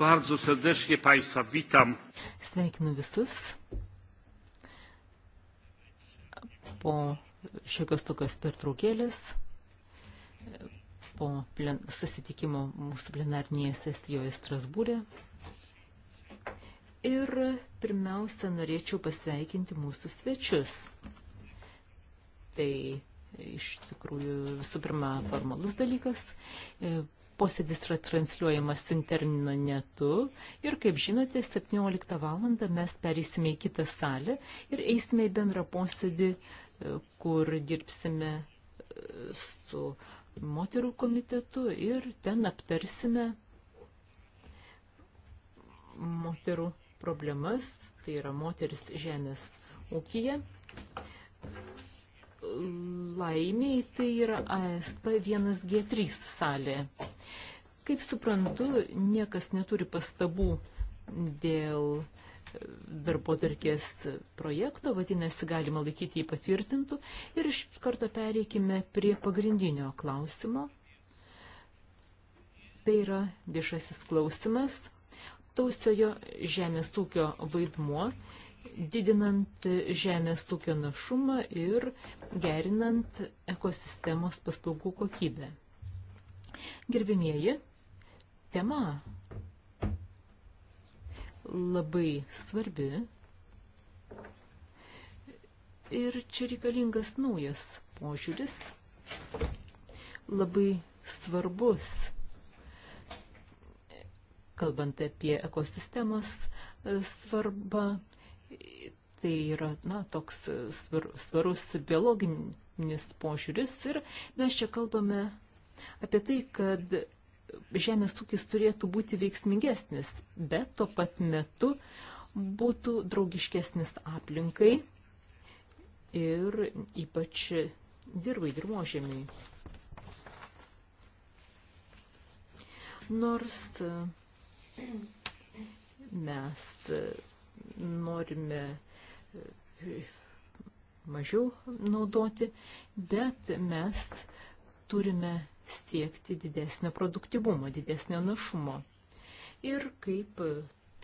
Bardzo serdecznie Państwa witam. Sveikinu visus. Po šiokios tokios pertraukėlės, po plen, susitikimo mūsų plenarnėje sesijoje Strasbūrė. Ir pirmiausia, norėčiau pasveikinti mūsų svečius. Tai iš tikrųjų visų pirma formalus dalykas posėdis yra transliuojamas internetu ir, kaip žinote, 17 val. mes perėsime į kitą salę ir eisime į bendrą posėdį, e, kur dirbsime e, su moterų komitetu ir ten aptarsime moterų problemas, tai yra moteris žemės ūkija. Laimiai tai yra ASP 1G3 salė. Kaip suprantu, niekas neturi pastabų dėl darbo tarkės projekto, vadinasi, galima laikyti jį patvirtintų. Ir iš karto pereikime prie pagrindinio klausimo. Tai yra viešasis klausimas, tausiojo žemės ūkio vaidmuo, didinant žemės ūkio našumą ir gerinant ekosistemos paslaugų kokybę. Gerbimieji, tema labai svarbi ir čia reikalingas naujas požiūris, labai svarbus, kalbant apie ekosistemos svarbą, tai yra na, toks svar, svarus biologinis požiūris ir mes čia kalbame apie tai, kad žemės ūkis turėtų būti veiksmingesnis, bet tuo pat metu būtų draugiškesnis aplinkai ir ypač dirbai, dirbožėmiai. Nors mes norime mažiau naudoti, bet mes turime siekti didesnio produktivumo, didesnio našumo. Ir kaip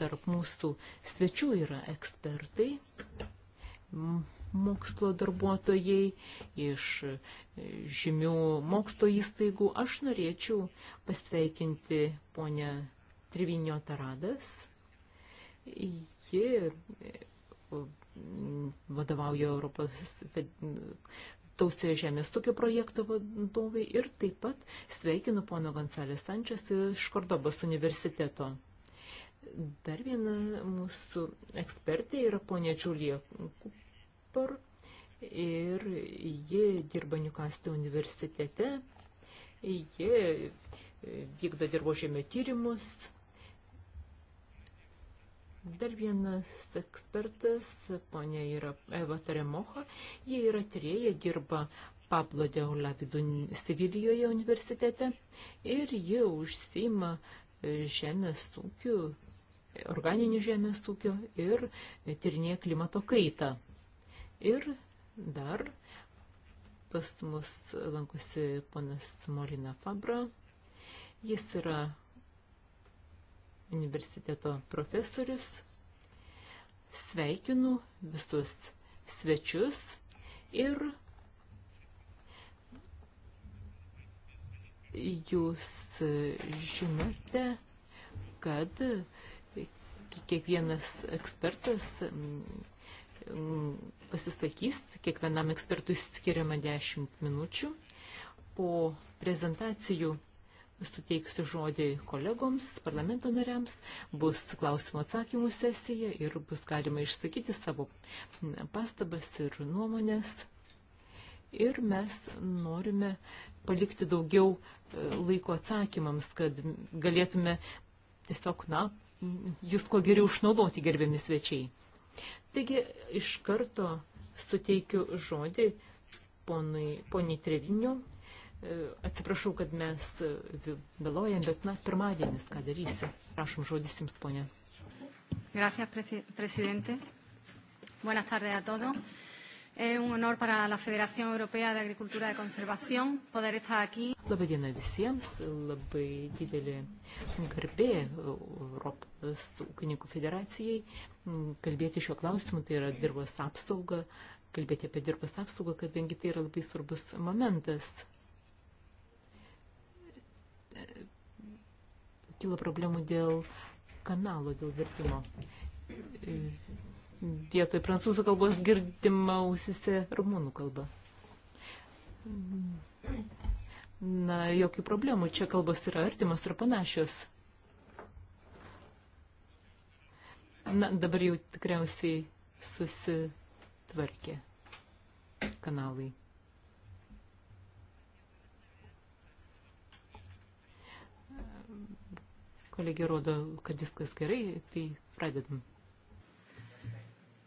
tarp mūsų svečių yra ekspertai, mokslo darbuotojai iš e, žymių mokslo įstaigų, aš norėčiau pasveikinti ponę Trivinio Taradas. Ji e, vadovauja Europos tausioje žemės tokio projekto vadovai ir taip pat sveikinu pono Gonsalės Sančias iš Kordobos universiteto. Dar viena mūsų ekspertė yra ponė Džiulija Kupar ir ji dirba Newcastle universitete, ji vykdo dirbožėmio tyrimus Dar vienas ekspertas, ponia yra Eva Taremocha, jie yra tyrėja, dirba Pablo de Olavidų Sevilijoje universitete ir jie užsima e, žemės ūkių, organinių žemės ūkių ir tyrinėja klimato kaitą. Ir dar pas mus lankosi ponas Molina Fabra, jis yra universiteto profesorius. Sveikinu visus svečius ir jūs žinote, kad kiekvienas ekspertas mm, mm, pasisakys, kiekvienam ekspertui skiriama 10 minučių. Po prezentacijų suteiksiu žodį kolegoms, parlamento nariams, bus klausimų atsakymų sesija ir bus galima išsakyti savo pastabas ir nuomonės. Ir mes norime palikti daugiau e, laiko atsakymams, kad galėtume tiesiog, na, jūs kuo geriau išnaudoti, gerbiami svečiai. Taigi iš karto suteikiu žodį ponui, poniai Trevinio, E, atsiprašau, kad mes e, vėluojam, bet, na, pirmadienis, ką darysi. Prašom žodis jums, ponė. Gracias, presidente. Buenas tardes a todos. Es un honor para la Federación Europea de Agricultura de Conservación poder estar aquí. Labai diena visiems, labai didelė garbė e, Europos ūkininkų federacijai kalbėti šio klausimu, tai yra dirbos apsauga, kalbėti apie dirbos apsaugą, kadangi tai yra labai svarbus momentas kilo problemų dėl kanalo, dėl vertimo. Vietoj prancūzų kalbos girdima ausise rumunų kalba. Na, jokių problemų, čia kalbos yra artimos ir panašios. Na, dabar jau tikriausiai susitvarkė kanalai. kolegė rodo, kad viskas gerai, tai pradedam.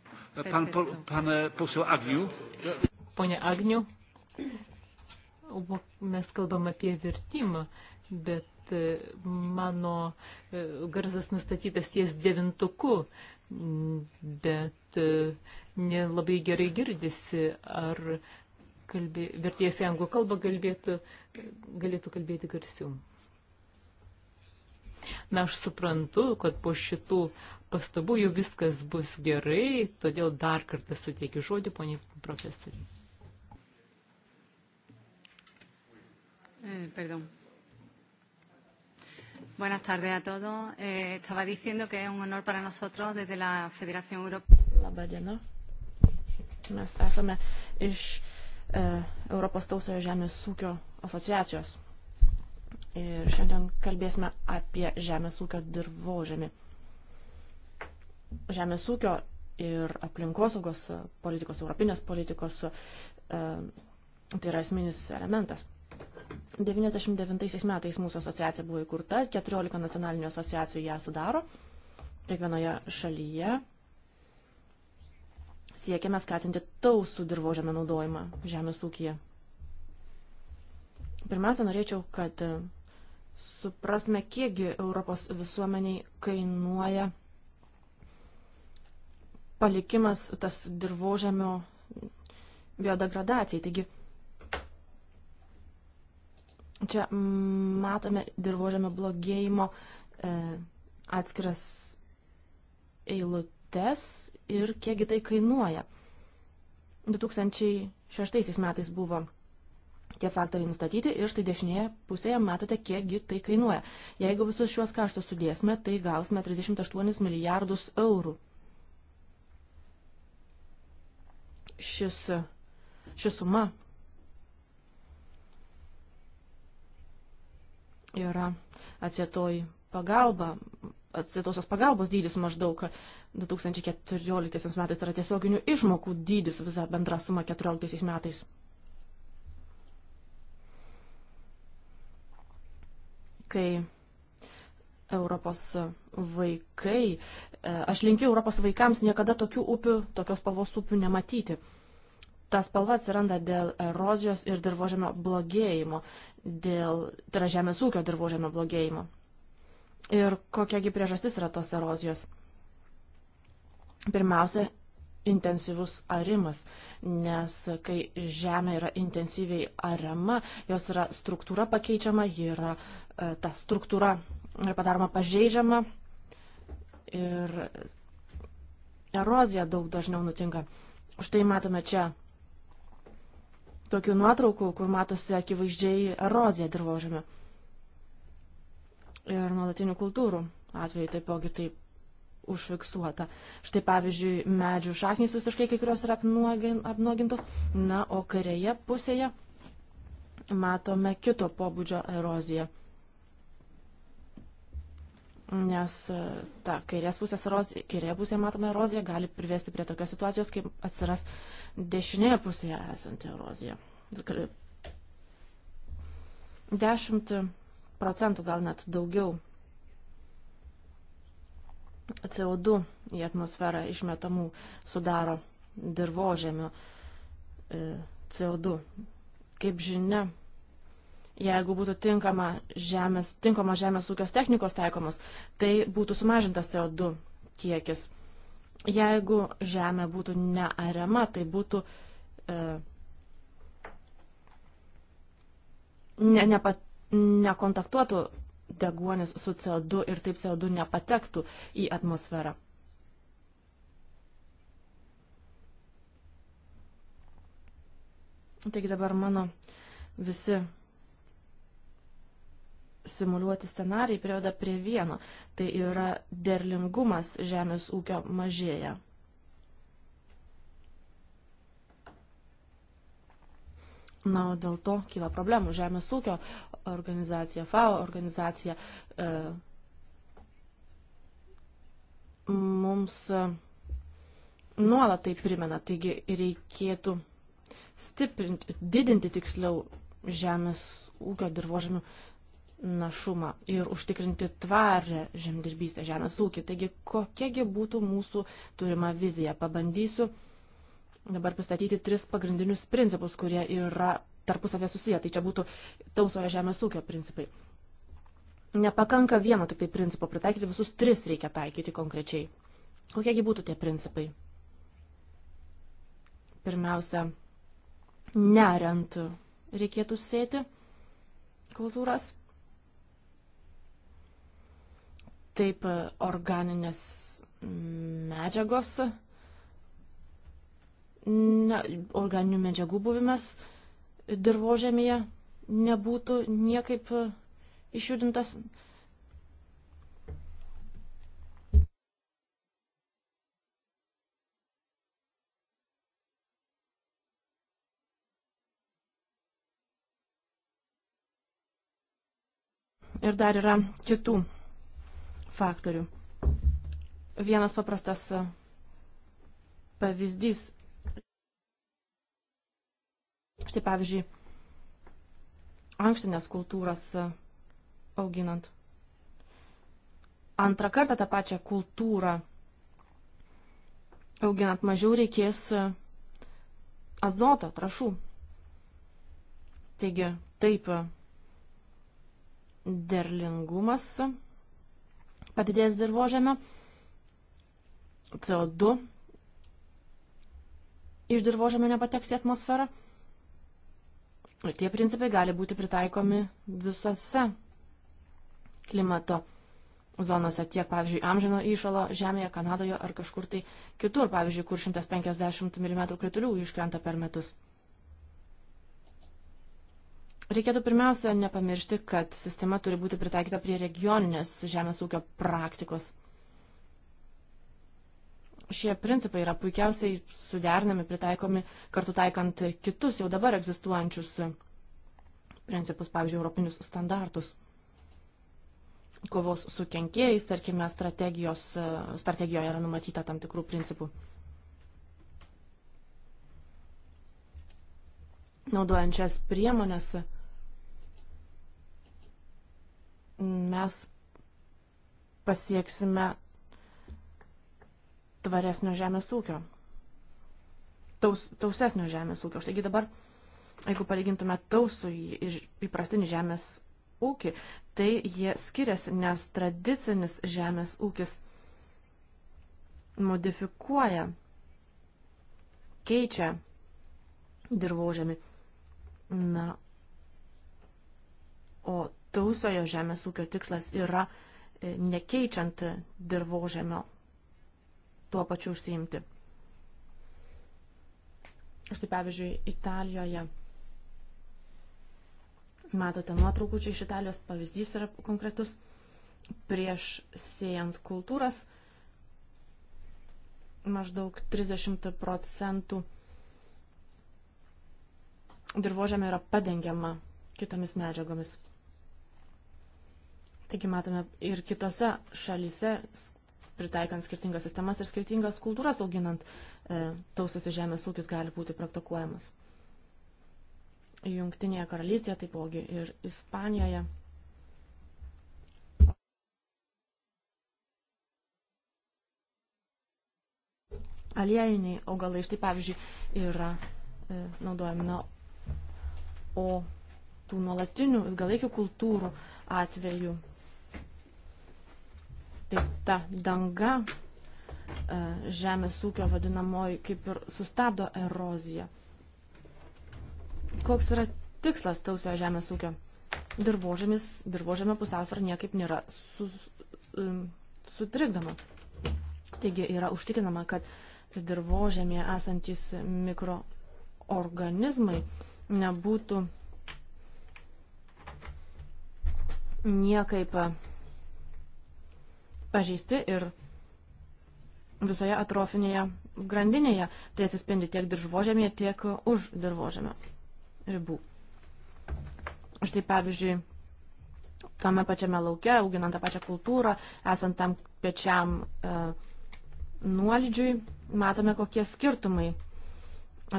E, pan, pan e, pusiau Agnių. Pone Agnių, mes kalbam apie vertimą, bet e, mano garsas nustatytas ties devintuku, bet nelabai gerai girdisi, ar kalbė, vertėjas į anglų kalbą galbėtų, galėtų kalbėti garsiau. Na, aš suprantu, kad po šitų pastabų jau viskas bus gerai, todėl dar kartą suteikiu žodį, poniai profesoriai. Eh, perdón. Buenas tardes a todos. Eh, estaba diciendo que es un honor para nosotros desde la Federación Europea. Labą dieną. Mes esame iš e, Europos tausojo žemės ūkio asociacijos Ir šiandien kalbėsime apie žemės ūkio dirbožemį. Žemės ūkio ir aplinkosaugos politikos, europinės politikos, e, tai yra esminis elementas. 99 metais mūsų asociacija buvo įkurta, 14 nacionalinių asociacijų ją sudaro, kiekvienoje šalyje siekiame skatinti tausų dirbožėmio naudojimą žemės ūkyje. Pirmiausia, norėčiau, kad suprasme, kiekgi Europos visuomeniai kainuoja palikimas tas dirbožemio biodegradacijai. Taigi, čia matome dirbožemio blogėjimo e, atskiras eilutes ir kiekgi tai kainuoja. 2006 metais buvo tie faktoriai nustatyti ir štai dešinėje pusėje matote, kiekgi tai kainuoja. Jeigu visus šiuos kaštus sudėsime, tai gausime 38 milijardus eurų. Šis, ši suma yra atsietoji pagalba, atsietosios pagalbos dydis maždaug 2014 metais yra tiesioginių išmokų dydis visą bendrą sumą 2014 metais. kai Europos vaikai, e, aš linkiu Europos vaikams niekada tokių upių, tokios spalvos upių nematyti. Ta spalva atsiranda dėl erozijos ir dirbožėmio blogėjimo, dėl, tai yra žemės ūkio dirbožėmio blogėjimo. Ir kokiagi priežastis yra tos erozijos? Pirmiausia, intensyvus arimas, nes kai žemė yra intensyviai ariama, jos yra struktūra pakeičiama, ji yra e, ta struktūra yra padaroma pažeidžiama ir erozija daug dažniau nutinka. Štai matome čia tokių nuotraukų, kur matosi akivaizdžiai erozija dirbožėme. Ir nuolatinių kultūrų atveju taipogi taip užfiksuota. Štai pavyzdžiui, medžių šaknys visiškai kai kurios yra apnuogintos, na, o kairėje pusėje matome kito pobūdžio eroziją. Nes e, ta kairės pusės erozija, kairėje pusėje matoma erozija gali privesti prie tokios situacijos, kaip atsiras dešinėje pusėje esanti erozija. 10 procentų, gal net daugiau CO2 į atmosferą išmetamų sudaro dirbožėmio e, CO2. Kaip žinia, jeigu būtų tinkama žemės, tinkama žemės ūkios technikos taikomas, tai būtų sumažintas CO2 kiekis. Jeigu žemė būtų neariama, tai būtų e, ne, nepa, nekontaktuotų deguonis su CO2 ir taip CO2 nepatektų į atmosferą. Taigi dabar mano visi simuliuoti scenarijai priveda prie vieno, tai yra derlingumas žemės ūkio mažėja. Na, dėl to kyla problemų. Žemės ūkio organizacija, FAO organizacija e, mums e, nuolat tai primena. Taigi reikėtų stiprinti, didinti tiksliau žemės ūkio dirbožemių našumą ir užtikrinti tvarę žemdirbystę, žemės ūkį. Taigi kokiagi būtų mūsų turima vizija? Pabandysiu dabar pristatyti tris pagrindinius principus, kurie yra tarpusavė susiję. Tai čia būtų tausojo žemės ūkio principai. Nepakanka vieno tik tai principo pritaikyti, visus tris reikia taikyti konkrečiai. Kokiegi būtų tie principai? Pirmiausia, nerent reikėtų sėti kultūras. Taip, organinės medžiagos na, organinių medžiagų buvimas dirbožėmėje nebūtų niekaip e, išjudintas. Ir dar yra kitų faktorių. Vienas paprastas e, pavyzdys Štai pavyzdžiui, ankštinės kultūras e, auginant. Antrą kartą tą pačią kultūrą auginant mažiau reikės e, azoto, trašų. Taigi, taip, e, derlingumas padidės dirbožėme, CO2 iš dirbožėme nepateks į atmosferą. Ir tie principai gali būti pritaikomi visose klimato zonose, tiek, pavyzdžiui, amžino įšalo žemėje, Kanadoje ar kažkur tai kitur, pavyzdžiui, kur 150 mm kritulių iškrenta per metus. Reikėtų pirmiausia nepamiršti, kad sistema turi būti pritaikyta prie regioninės žemės ūkio praktikos šie principai yra puikiausiai suderinami, pritaikomi kartu taikant kitus jau dabar egzistuojančius principus, pavyzdžiui, europinius standartus. Kovos su kenkėjais, tarkime, strategijoje yra numatyta tam tikrų principų. Naudojančias priemonės mes pasieksime tvaresnio žemės ūkio, taus, tausesnio žemės ūkio. Taigi dabar, jeigu palygintume tausų ir įprastinį žemės ūkį, tai jie skiriasi, nes tradicinis žemės ūkis modifikuoja, keičia dirbožėmi. Na, o tausojo žemės ūkio tikslas yra e, nekeičiant dirbožėmio tuo pačiu užsiimti. Štai pavyzdžiui, Italijoje. Matote nuotraukų čia iš Italijos, pavyzdys yra konkretus. Prieš siejant kultūras maždaug 30 procentų dirbožėmė yra padengiama kitomis medžiagomis. Taigi matome ir kitose šalyse pritaikant skirtingas sistemas ir skirtingas kultūras auginant e, taususi žemės ūkis gali būti praktikuojamas. Jungtinėje karalystėje, taipogi ir Ispanijoje. Aliejiniai augalai, štai pavyzdžiui, yra e, naudojami, na, o tų nuolatinių ilgalaikių kultūrų atveju tai ta danga e, žemės ūkio vadinamoji kaip ir sustabdo eroziją. Koks yra tikslas tausio žemės ūkio? Dirbožėmis, dirbožėmio pusiausvara niekaip nėra sus, e, sutrikdoma. Taigi yra užtikinama, kad dirbožėmėje esantis mikroorganizmai nebūtų niekaip pažeisti ir visoje atrofinėje grandinėje. Tai atsispindi tiek diržvožėmėje, tiek už diržvožėmio ribų. Štai pavyzdžiui, tame pačiame laukia, auginant tą pačią kultūrą, esant tam pečiam e, nuolydžiui, matome, kokie skirtumai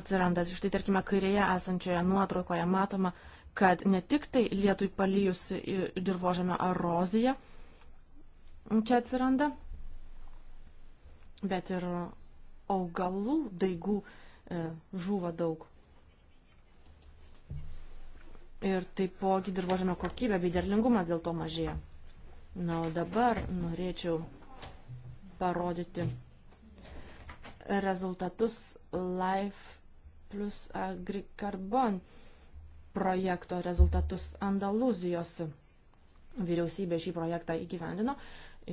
atsiranda. Štai tarkime, kairėje esančioje nuotraukoje matoma, kad ne tik tai lietui palyjus dirbožėme erozija, čia atsiranda, bet ir augalų daigų e, žūva daug. Ir taipogi dirbožėme kokybė bei derlingumas dėl to mažėja. Na, o dabar norėčiau parodyti rezultatus Life plus Agricarbon projekto rezultatus Andaluzijos vyriausybė šį projektą įgyvendino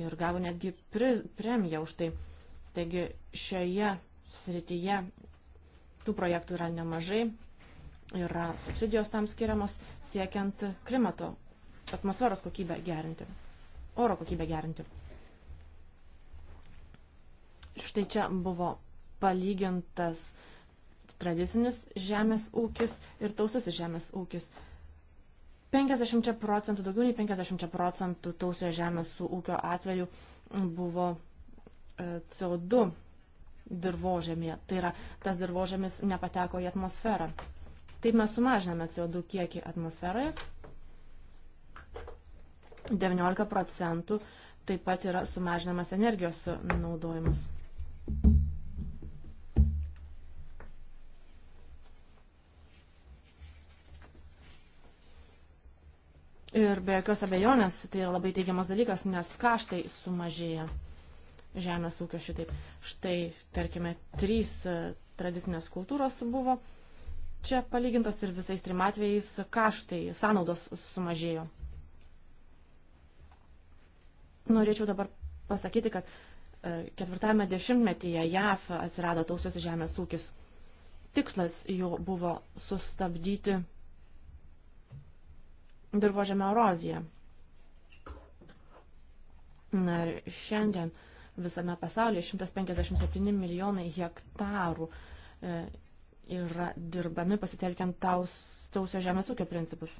ir gavo netgi pri, premiją už tai. Taigi šioje srityje tų projektų yra nemažai, yra subsidijos tam skiriamos siekiant klimato, atmosferos kokybę gerinti, oro kokybę gerinti. Štai čia buvo palygintas tradicinis žemės ūkis ir taususis žemės ūkis. 50 procentų, daugiau nei 50 procentų tausio žemės ūkio atveju buvo e, CO2 dirbožėmėje. Tai yra, tas dirbožėmis nepateko į atmosferą. Taip mes sumažiname CO2 kiekį atmosferoje. 19 procentų taip pat yra sumažinamas energijos naudojimas. Thank you. Ir be jokios abejonės tai yra labai teigiamas dalykas, nes kaštai sumažėja žemės ūkio šitaip. Štai, tarkime, trys e, tradicinės kultūros buvo čia palygintos ir visais trim atvejais kaštai, sąnaudos sumažėjo. Norėčiau dabar pasakyti, kad e, ketvirtame dešimtmetyje JAF atsirado tausios žemės ūkis. Tikslas jo buvo sustabdyti dirbožėme eroziją. Na ir šiandien visame pasaulyje 157 milijonai hektarų e, yra dirbami pasitelkiant taus, tausio žemės ūkio principus.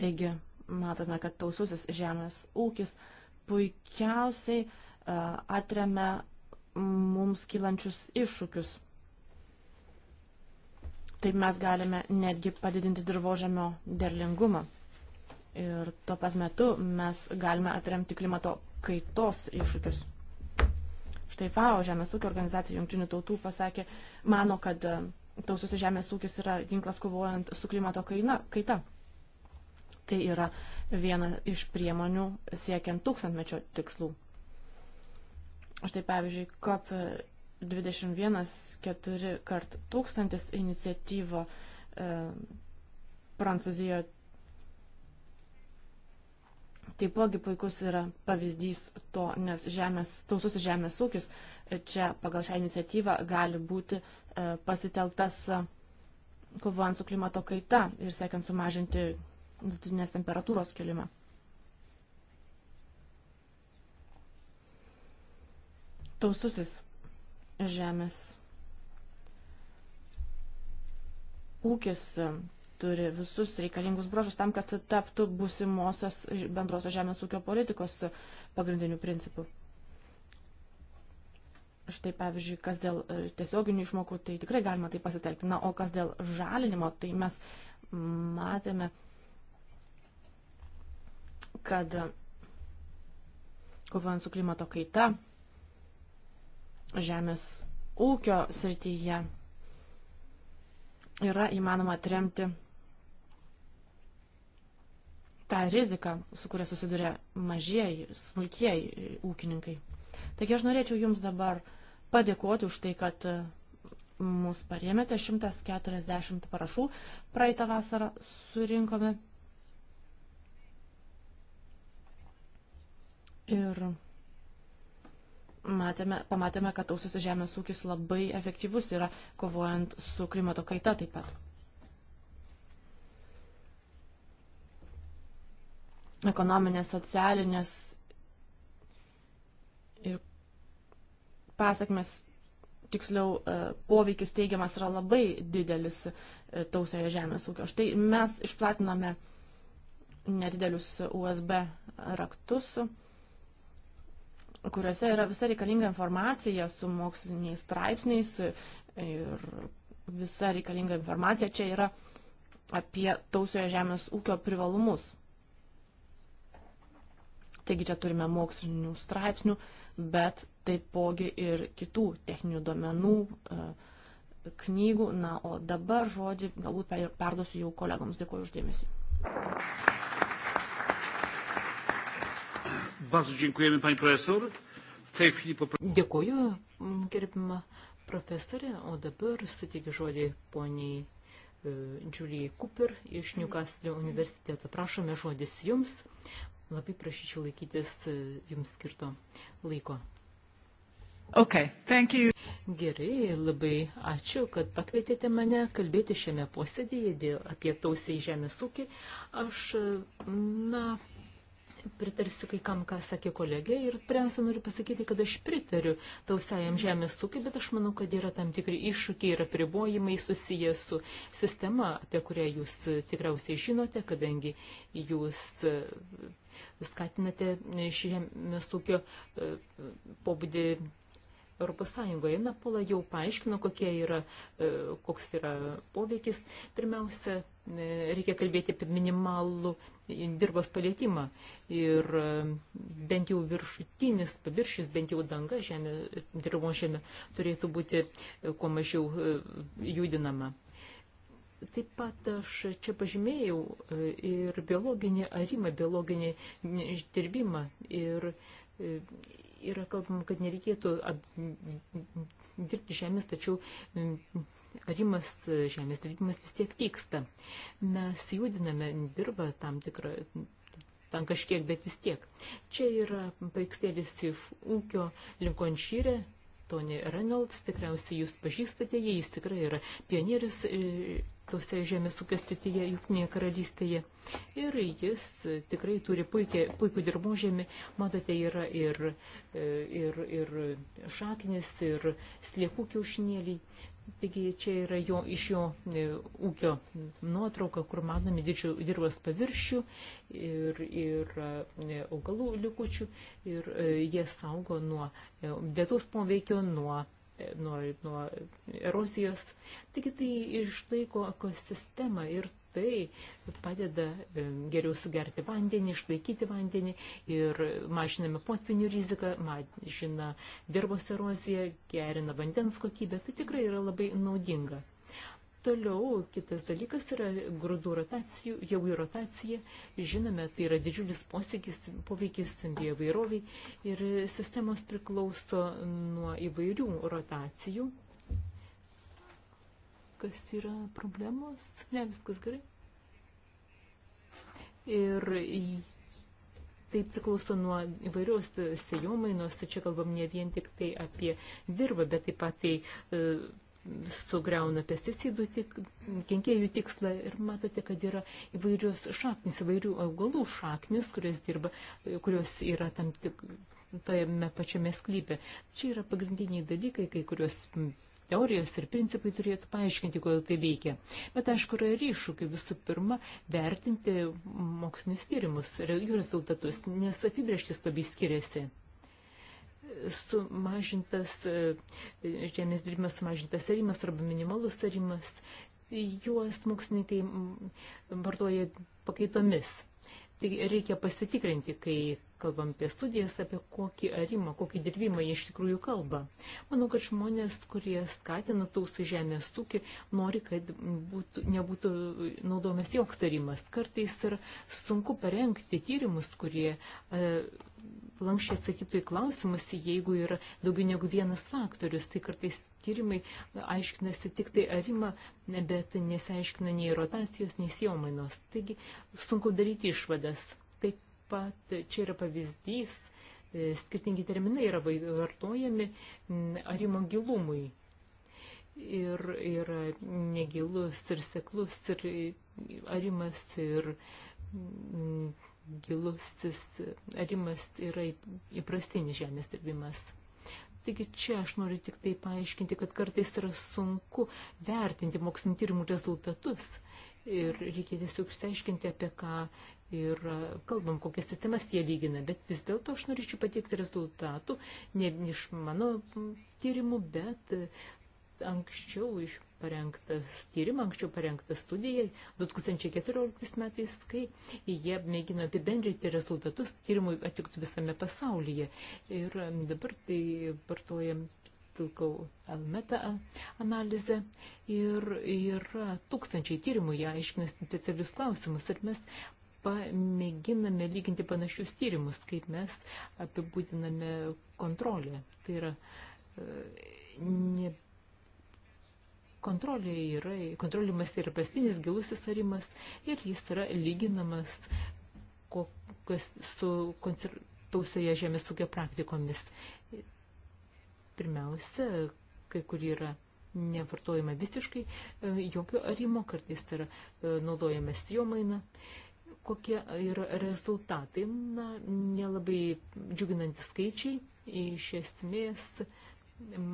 Taigi, matome, kad taususis žemės ūkis puikiausiai e, atremia mums kylančius iššūkius. Taip mes galime netgi padidinti dirbožemio derlingumą. Ir tuo pat metu mes galime atremti klimato kaitos iššūkius. Štai FAO Žemės ūkio organizacija Junktinių tautų pasakė, mano, kad e, taususis žemės ūkis yra ginklas kovojant su klimato kaina, kaita. Tai yra viena iš priemonių siekiant tūkstantmečio tikslų. Štai pavyzdžiui, COP 21-4 kart tūkstantis iniciatyva e, Prancūzijoje taipogi puikus yra pavyzdys to, nes žemės, tausus žemės ūkis e, čia pagal šią iniciatyvą gali būti e, pasitelktas e, kovojant su klimato kaita ir siekiant sumažinti vidutinės temperatūros kilimą. Taususis žemės ūkis turi visus reikalingus brožus tam, kad taptų būsimosios bendrosios žemės ūkio politikos pagrindinių principų. Štai pavyzdžiui, kas dėl e, tiesioginių išmokų, tai tikrai galima tai pasitelkti. Na, o kas dėl žalinimo, tai mes matėme, kad kovojant su klimato kaita, žemės ūkio srityje yra įmanoma atremti tą riziką, su kuria susiduria mažieji, smulkieji ūkininkai. Taigi aš norėčiau Jums dabar padėkoti už tai, kad mus parėmėte 140 parašų. Praeitą vasarą surinkome. Ir matėme, pamatėme, kad ausis žemės ūkis labai efektyvus yra kovojant su klimato kaita taip pat. Ekonominės, socialinės ir pasakmes, tiksliau e, poveikis teigiamas yra labai didelis e, tausioje žemės ūkio. Štai mes išplatinome nedidelius USB raktus kuriuose yra visa reikalinga informacija su moksliniais straipsniais ir visa reikalinga informacija čia yra apie tausiojo žemės ūkio privalumus. Taigi čia turime mokslinių straipsnių, bet taipogi ir kitų techninių duomenų, e, knygų. Na, o dabar žodį galbūt perduosiu jau kolegoms. Dėkuoju uždėmesi. Bardzo dziękujemy, pani profesor. Tai Filipo. Dėkuoju, gerbima profesorė, o dabar suteikiu žodį poniai e, Julie Cooper iš Newcastle universiteto. Prašome žodis jums. Labai prašyčiau laikytis e, jums skirto laiko. Okay, thank you. Gerai, labai ačiū, kad pakvietėte mane kalbėti šiame posėdėje apie tausiai žemės ūkį. Aš, na, pritarsiu kai kam, ką sakė kolegė ir pirmiausia noriu pasakyti, kad aš pritariu tausiajam žemės ūkiui, bet aš manau, kad yra tam tikri iššūkiai ir apribojimai susiję su sistema, apie kurią jūs tikriausiai žinote, kadangi jūs e, skatinate žemės ūkio e, pobūdį Europos Sąjungoje. Na, Pola jau paaiškino, kokie yra, e, koks yra poveikis. Pirmiausia, reikia kalbėti apie minimalų, dirbos palėtimą. Ir e, bent jau viršutinis paviršys, bent jau danga žemė, dirbo žemė turėtų būti e, kuo mažiau e, judinama. Taip pat aš čia pažymėjau ir biologinį arimą, biologinį dirbimą. Ir yra kalbama, kad nereikėtų dirbti žemės, tačiau arimas, žemės dirbimas vis tiek vyksta. Mes judiname dirbą tam tikrą, tam kažkiek, bet vis tiek. Čia yra paveikslėlis iš ūkio Linkonšyrė. Tony Reynolds, tikriausiai jūs pažįstate jį, jis tikrai yra pionierius e, tose žemės ūkio srityje, Junktinėje karalystėje. Ir jis tikrai turi puikia, puikų dirbožėmį. Matote, yra ir, e, ir, ir šaknis, ir sliekų kiaušinėliai. Taigi čia yra jo, iš jo e, ūkio nuotrauka, kur matome didžių dirbos paviršių ir, ir e, augalų likučių ir e, jie saugo nuo dėtos poveikio, nuo nuo, nuo erozijos. Taigi tai išlaiko ekosistemą ir tai padeda e, geriau sugerti vandenį, išlaikyti vandenį ir mažiname potvinių riziką, mažina dirbos eroziją, gerina vandens kokybę. Tai tikrai yra labai naudinga. Toliau kitas dalykas yra grūdų rotacijų, jau į rotaciją. Žinome, tai yra didžiulis posėkis, poveikis bioįvairoviai ir sistemos priklauso nuo įvairių rotacijų kas yra problemos, ne viskas gerai. Ir tai priklauso nuo įvairios sejomainos, tai čia kalbam ne vien tik tai apie dirbą, bet taip pat tai e, sugriauna pesticidų tik, kenkėjų tikslą ir matote, kad yra įvairios šaknis, įvairių augalų šaknis, kurios dirba, kurios yra tam tik tojame pačiame sklype. Čia yra pagrindiniai dalykai, kai kurios teorijos ir principai turėtų paaiškinti, kodėl tai veikia. Bet aišku, yra ir iššūkiai visų pirma vertinti mokslinis tyrimus ir jų rezultatus, nes apibrieštis labai skiriasi sumažintas e, žemės dirbimas, sumažintas arimas arba minimalus arimas, juos mokslininkai vartoja pakaitomis. Tai reikia pasitikrinti, kai kalbam apie studijas, apie kokį arimą, kokį dirbimą jie iš tikrųjų kalba. Manau, kad žmonės, kurie skatina tausų žemės ūkį, nori, kad būtų, nebūtų naudojamas joks tarimas. Kartais ir sunku parengti tyrimus, kurie e, lankščiai atsakytų į klausimus, jeigu yra daugiau negu vienas faktorius. Tai kartais tyrimai aiškinasi tik tai arimą, bet nesiaiškina nei rotacijos, nei siomainos. Taigi sunku daryti išvadas pat čia yra pavyzdys, e, skirtingi terminai yra vartojami arimo gilumui. Ir yra negilus ir seklus ir e, arimas ir gilusis arimas yra įprastinis žemės dirbimas. Taigi čia aš noriu tik tai paaiškinti, kad kartais yra sunku vertinti mokslinio tyrimų rezultatus ir reikia tiesiog išsiaiškinti, apie ką ir e, kalbam, kokias sistemas jie lygina, bet vis dėlto aš norėčiau pateikti rezultatų, ne iš mano tyrimų, bet e, anksčiau iš parengtas tyrimą, anksčiau parengtas studija 2014 metais, kai jie mėgino apibendrinti rezultatus tyrimui atliktų visame pasaulyje. Ir e, dabar tai vartojam tilkau meta analizę ir yra tūkstančiai tyrimų, jie aiškina specialius klausimus, ar mes pamėginame lyginti panašius tyrimus, kaip mes apibūdiname kontrolę. Tai yra, e, ne, kontrolė yra, kontrolimas yra pastinis gilus įsarimas ir jis yra lyginamas kokios su tausioje žemės ūkio praktikomis. Pirmiausia, kai kur yra nevartojama visiškai, e, jokio arimo kartais tai yra naudojamas jomaina. E, kokie yra rezultatai. Na, nelabai džiuginantys skaičiai. Iš esmės,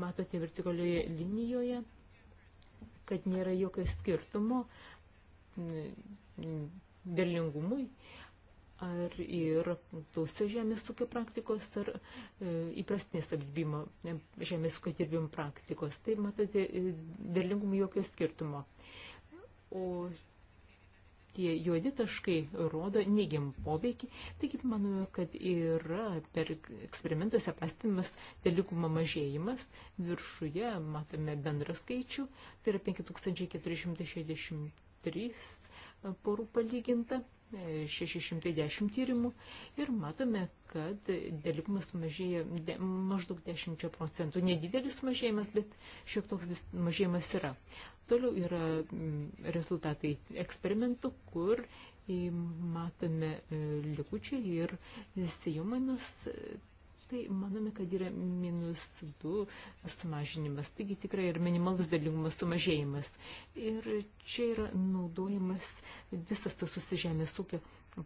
matote vertikalioje linijoje, kad nėra jokio skirtumo derlingumui ar ir tausio žemės ūkio praktikos, ar e, įprastinės apdirbimo e, žemės ūkio dirbimo praktikos. Tai matote, e, derlingumų jokio skirtumo. O tie juodi taškai rodo neigiam poveikį, taigi manau, kad yra per eksperimentuose pastimas telikumo mažėjimas, viršuje matome bendrą skaičių, tai yra 5463 porų palyginta, 610 e, tyrimų ir matome, kad dalykumas mažėja de, maždaug 10 procentų. Nedidelis mažėjimas, bet šiek toks mažėjimas yra. Toliau yra mm, rezultatai eksperimentų, kur matome e, likučiai ir sėjomainas, tai manome, kad yra minus 2 sumažinimas, taigi tikrai ir minimalus dalyvumas sumažėjimas. Ir čia yra naudojimas visas tas susižemės ūkio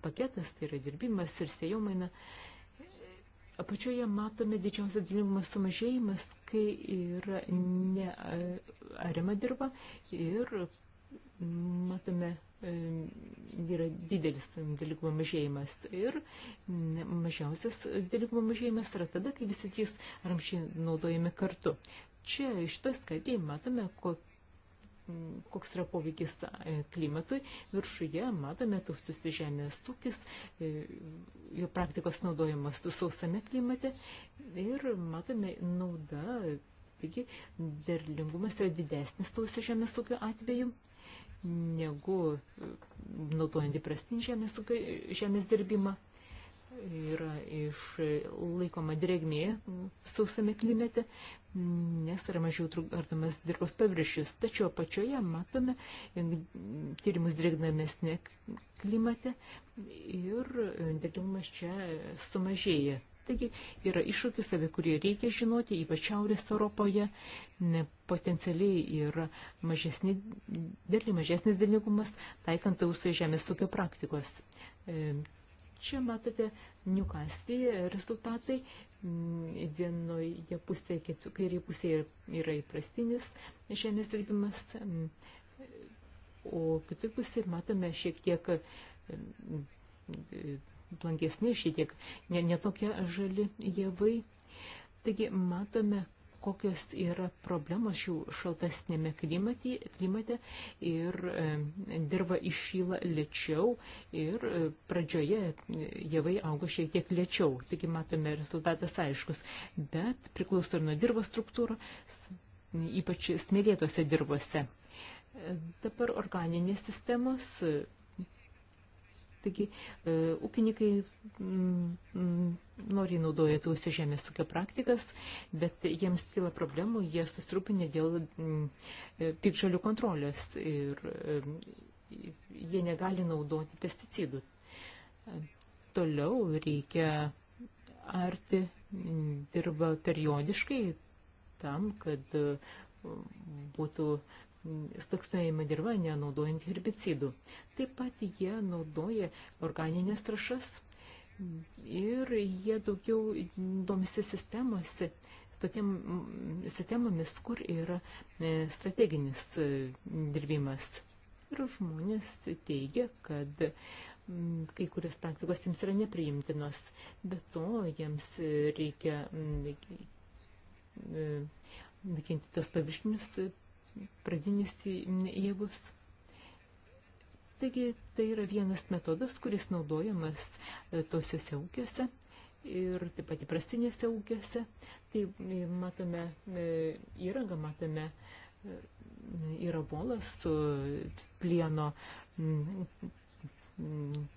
paketas, tai yra dirbimas ir sėjomaina. Apačioje matome didžiausias dalyvumas sumažėjimas, kai yra nearima dirba ir matome, yra didelis dalykumo mažėjimas ir mažiausias dalykumo mažėjimas yra tada, kai visi trys ramšiai naudojami kartu. Čia iš to skaitėjai matome, kokie koks yra poveikis klimatui. Viršuje matome taustus žemės tūkis, e, jo praktikos naudojamas sausame klimate ir matome naudą, taigi derlingumas yra didesnis tausio žemės tūkio atveju negu e, naudojant įprastinį žemės, žemės dirbimą. Yra išlaikoma e, dregmė sausame klimete, nes yra mažiau ardomas dirbos paviršius. Tačiau apačioje matome e, tyrimus drėgnamesnė klimate ir drėgnumas čia sumažėja. Taigi yra iššūkis, apie kurį reikia žinoti, ypač Šiaurės Europoje potencialiai yra mažesni, dėlį mažesnis dėlingumas, taikant tausų žemės ūkio praktikos. E, čia matote Newcastle rezultatai. Mm, vienoje pusėje, kairėje pusėje yra įprastinis žemės dirbimas, mm, o kitoje pusėje matome šiek tiek mm, blankesni šitiek, netokie ne žali javai. Taigi matome, kokios yra problemos šių šaltasnėme klimate, klimate ir e, dirba iššyla lėčiau ir e, pradžioje e, javai auga šiek tiek lėčiau. Taigi matome rezultatas aiškus, bet priklauso ir nuo dirbos struktūrų, ypač smėlėtose dirbose. E, dabar organinės sistemos, Taigi, e, ūkininkai mm, mm, noriai naudoja tausią žemės ūkio praktikas, bet jiems kyla problemų, jie susirūpinę dėl mm, e, pikžalių kontrolės ir e, jie negali naudoti pesticidų. Toliau reikia arti dirba periodiškai tam, kad būtų uh, sluoksniuojama dirba nenaudojant herbicidų. Taip pat jie naudoja organinės trašas ir jie daugiau domisi sistemose, tokiam sistemomis, kur yra e, strateginis e, dirbimas. Ir žmonės teigia, kad kai kurios praktikos jiems yra nepriimtinos, bet to jiems reikia e, naikinti tos paviršinius pradinis jėgus. Taigi tai yra vienas metodas, kuris naudojamas e, tosiuose ūkiuose ir taip pat įprastinėse ūkiuose. Tai e, matome e, įrangą, matome yra volas su plieno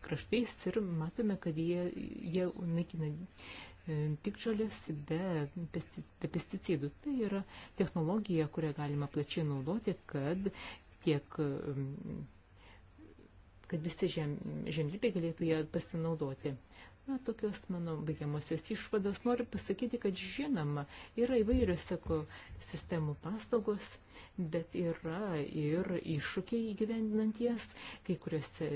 kraštais ir matome, kad jie, jie naikina pikčiolės e, be, be pesticidų. Tai yra technologija, kurią galima plačiai naudoti, kad tiek e, kad visi žem, žemdirbiai galėtų ją pasinaudoti. Na, tokios mano baigiamosios išvados noriu pasakyti, kad žinoma, yra įvairios eko sistemų paslaugos, bet yra ir iššūkiai įgyvendinanties, kai kuriuose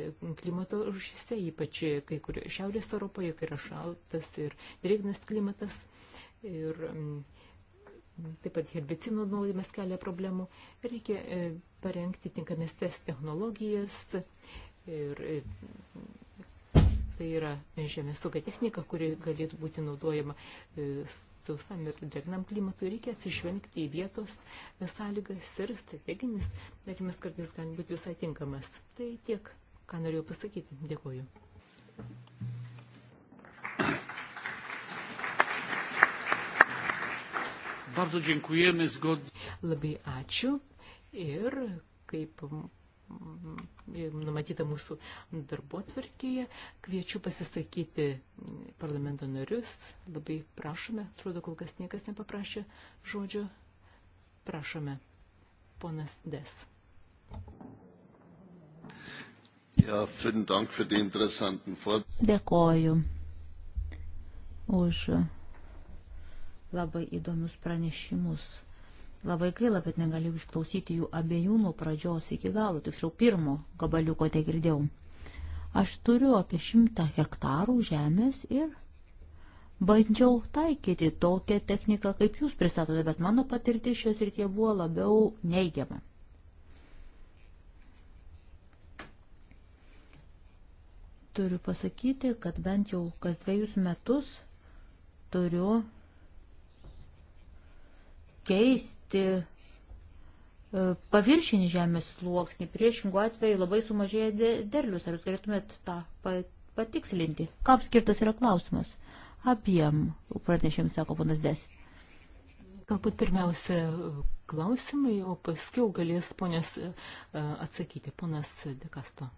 klimato rūšyse, ypač kai kurio Šiaurės Europoje, kai yra šaltas ir drėgnas klimatas. Ir mm, taip pat herbicinų naudimas kelia problemų. Reikia e, parengti tinkamestes technologijas ir e, tai yra žemės ūkio technika, kuri galėtų būti naudojama e, sausam ir drėgnam klimatui, reikia atsižvengti į vietos sąlygas ir strateginis, tarkim, kartais gali būti visai tinkamas. Tai tiek, ką norėjau pasakyti. Dėkuoju. Bardzo dziękujemy zgodnie. Labai ačiū ir kaip numatyta mūsų darbo tvarkėje. Kviečiu pasisakyti parlamento narius. Labai prašome, atrodo, kol kas niekas nepaprašė žodžio. Prašome, ponas Des. Ja, Dank für die interessanten Vor Dėkoju už labai įdomius pranešimus. Labai gaila, bet negaliu išklausyti jų abiejų nuo pradžios iki galo, tiksliau pirmo gabaliuko tiek girdėjau. Aš turiu apie šimtą hektarų žemės ir bandžiau taikyti tokią techniką, kaip jūs pristatote, bet mano patirtis šios rytie buvo labiau neigiama. Turiu pasakyti, kad bent jau kas dviejus metus turiu keisti e, paviršinį žemės sluoksnį, priešingų atveju labai sumažėja derlius. Ar jūs galėtumėt tą patikslinti? Kam skirtas yra klausimas? Abiem pranešėms, sako ponas Des. Galbūt pirmiausia klausimai, o paskui galės ponės e, atsakyti. Ponas Dekasto.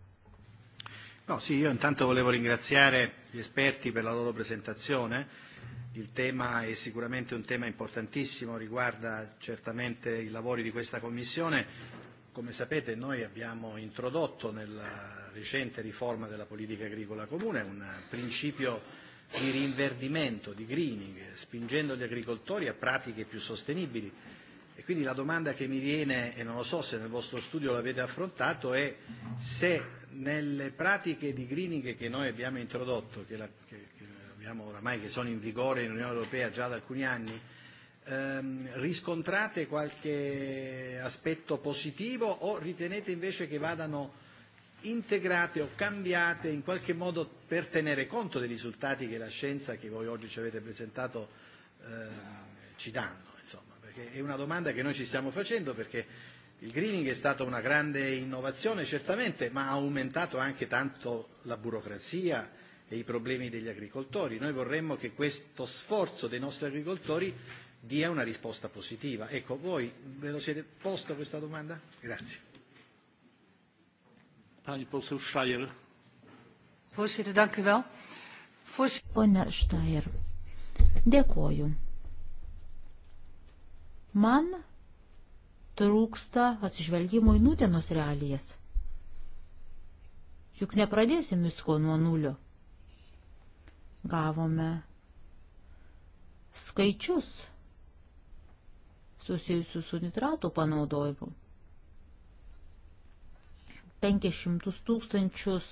No, sì, io intanto volevo ringraziare gli esperti per la loro presentazione. Il tema è sicuramente un tema importantissimo, riguarda certamente i lavori di questa Commissione. Come sapete noi abbiamo introdotto nella recente riforma della politica agricola comune un principio di rinverdimento, di greening, spingendo gli agricoltori a pratiche più sostenibili. E quindi la domanda che mi viene, e non lo so se nel vostro studio l'avete affrontato, è se nelle pratiche di greening che noi abbiamo introdotto, che, la, che, che abbiamo oramai che sono in vigore in Unione Europea già da alcuni anni, ehm, riscontrate qualche aspetto positivo o ritenete invece che vadano integrate o cambiate in qualche modo per tenere conto dei risultati che la scienza che voi oggi ci avete presentato eh, ci danno? Insomma, perché è una domanda che noi ci stiamo facendo perché Il greening è stata una grande innovazione certamente, ma ha aumentato anche tanto la burocrazia e i problemi degli agricoltori. Noi vorremmo che questo sforzo dei nostri agricoltori dia una risposta positiva. Ecco, voi ve lo siete posto questa domanda? Grazie. Pani poseł Schreier. Voorzitter, dank u wel. Voorzitter. Pone Schreier, dėkoju. Man trūksta atsižvelgimo į nūdienos realijas. Juk nepradėsim visko nuo nulio. Gavome skaičius susijusius su nitratų panaudojimu. 500 tūkstančius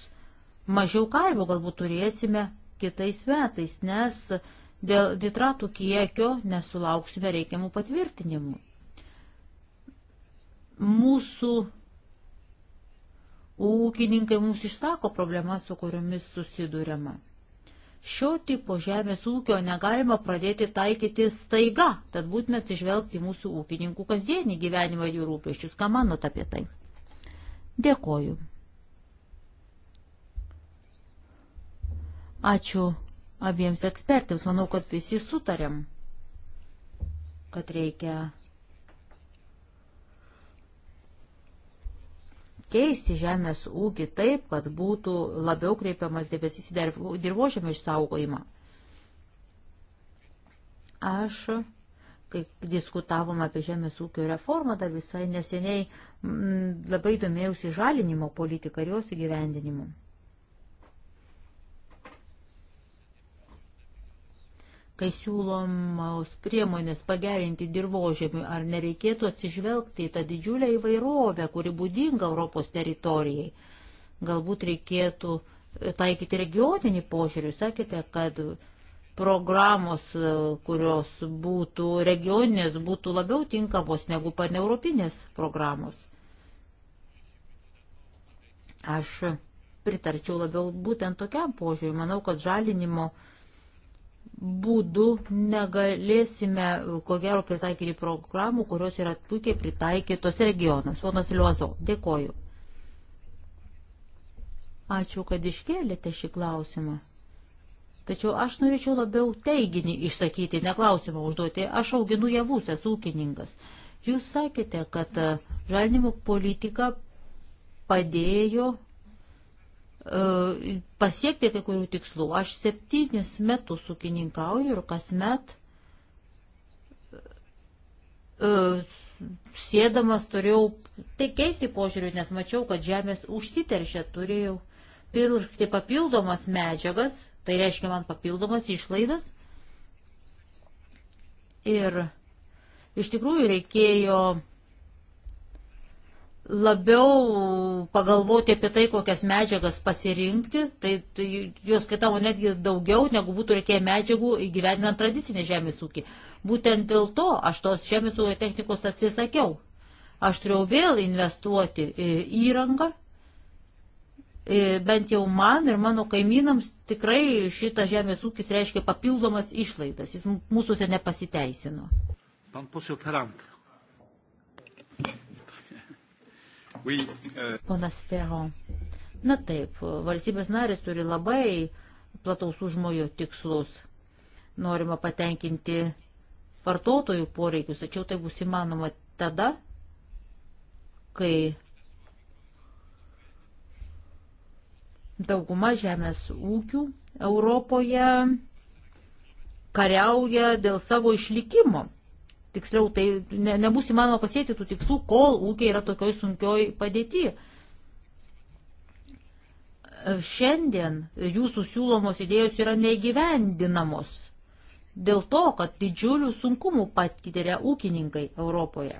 mažiau karvių galbūt turėsime kitais metais, nes dėl nitratų kiekio nesulauksime reikiamų patvirtinimų. Mūsų ūkininkai mums išsako problemas, su kuriomis susidurėma. Šio tipo žemės ūkio negalima pradėti taikyti staiga, tad būtina atsižvelgti į mūsų ūkininkų kasdienį gyvenimą ir jų rūpeščius. Ką manot apie tai? Dėkoju. Ačiū abiems ekspertams. Manau, kad visi sutarėm, kad reikia keisti žemės ūkį taip, kad būtų labiau kreipiamas dėmesys į dirbožėmio išsaugojimą. Aš, kai diskutavom apie žemės ūkio reformą, dar visai neseniai m, mm, labai domėjausi žalinimo politiką ir jos įgyvendinimu. kai siūlomos priemonės pagerinti dirbožėmiui, ar nereikėtų atsižvelgti į tą didžiulę įvairovę, kuri būdinga Europos teritorijai. Galbūt reikėtų taikyti regioninį požiūrį. Sakėte, kad programos, kurios būtų regioninės, būtų labiau tinkamos negu paneuropinės programos. Aš pritarčiau labiau būtent tokiam požiūriui. Manau, kad žalinimo uh, būdu negalėsime, ko gero, pritaikyti programų, kurios yra puikiai pritaikytos regionams. Ponas Liuozo, dėkoju. Ačiū, kad iškėlėte šį klausimą. Tačiau aš norėčiau labiau teiginį išsakyti, ne klausimą užduoti. Aš auginu javus, esu ūkininkas. Jūs sakėte, kad žalinimo politika padėjo E, pasiekti kai kurių tikslų. Aš septynis metus ūkininkauju ir kasmet e, sėdamas turėjau tai keisti požiūrių, nes mačiau, kad žemės užsiteršia, turėjau pirkti papildomas medžiagas, tai reiškia man papildomas išlaidas. Ir iš tikrųjų reikėjo labiau pagalvoti apie tai, kokias medžiagas pasirinkti, tai, tai jos kaitavo netgi daugiau, negu būtų reikėję medžiagų įgyvendinant tradicinį žemės ūkį. Būtent dėl to aš tos žemės ūkio technikos atsisakiau. Aš turėjau vėl investuoti į įrangą, e, bent jau man ir mano kaimynams tikrai šitas žemės ūkis reiškia papildomas išlaidas, jis mūsųse nepasiteisino. Pan posio Ferrand. Oui, uh... Ponas Ferro. Na taip, valstybės narės turi labai plataus užmojo tikslus. Norima patenkinti vartotojų poreikius, tačiau tai bus įmanoma tada, kai dauguma žemės ūkių Europoje kariauja dėl savo išlikimo tiksliau, tai ne, nebus įmanoma pasiekti tų tikslų, kol ūkiai yra tokioj sunkioj padėti. Šiandien jūsų siūlomos idėjos yra neįgyvendinamos dėl to, kad didžiulių sunkumų patiria ūkininkai Europoje.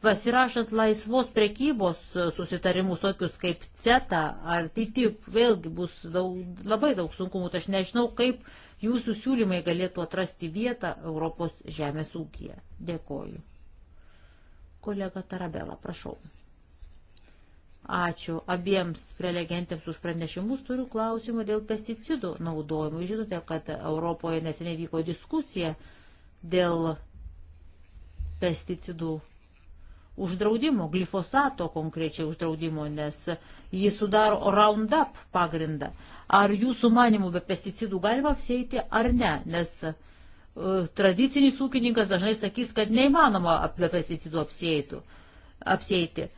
Pasirašant laisvos prekybos susitarimus tokius kaip CETA ar TTIP, vėlgi bus daug, labai daug sunkumų, tai aš nežinau, kaip uh, jūsų siūlymai galėtų atrasti vietą Europos žemės ūkiją. Dėkoju. Kolega Tarabela, prašau. Ačiū abiems prelegentėms už pranešimus. Turiu klausimą dėl pesticidų naudojimo. Žinote, kad Europoje neseniai vyko diskusija dėl pesticidų uždraudimo, glifosato konkrečiai uždraudimo, nes jį sudaro Roundup pagrindą. Ar jūsų manimų be pesticidų galima apsėti ar ne? Nes uh, tradicinis ūkininkas dažnai sakys, kad neįmanoma be pesticidų apsėti. apsėti. E,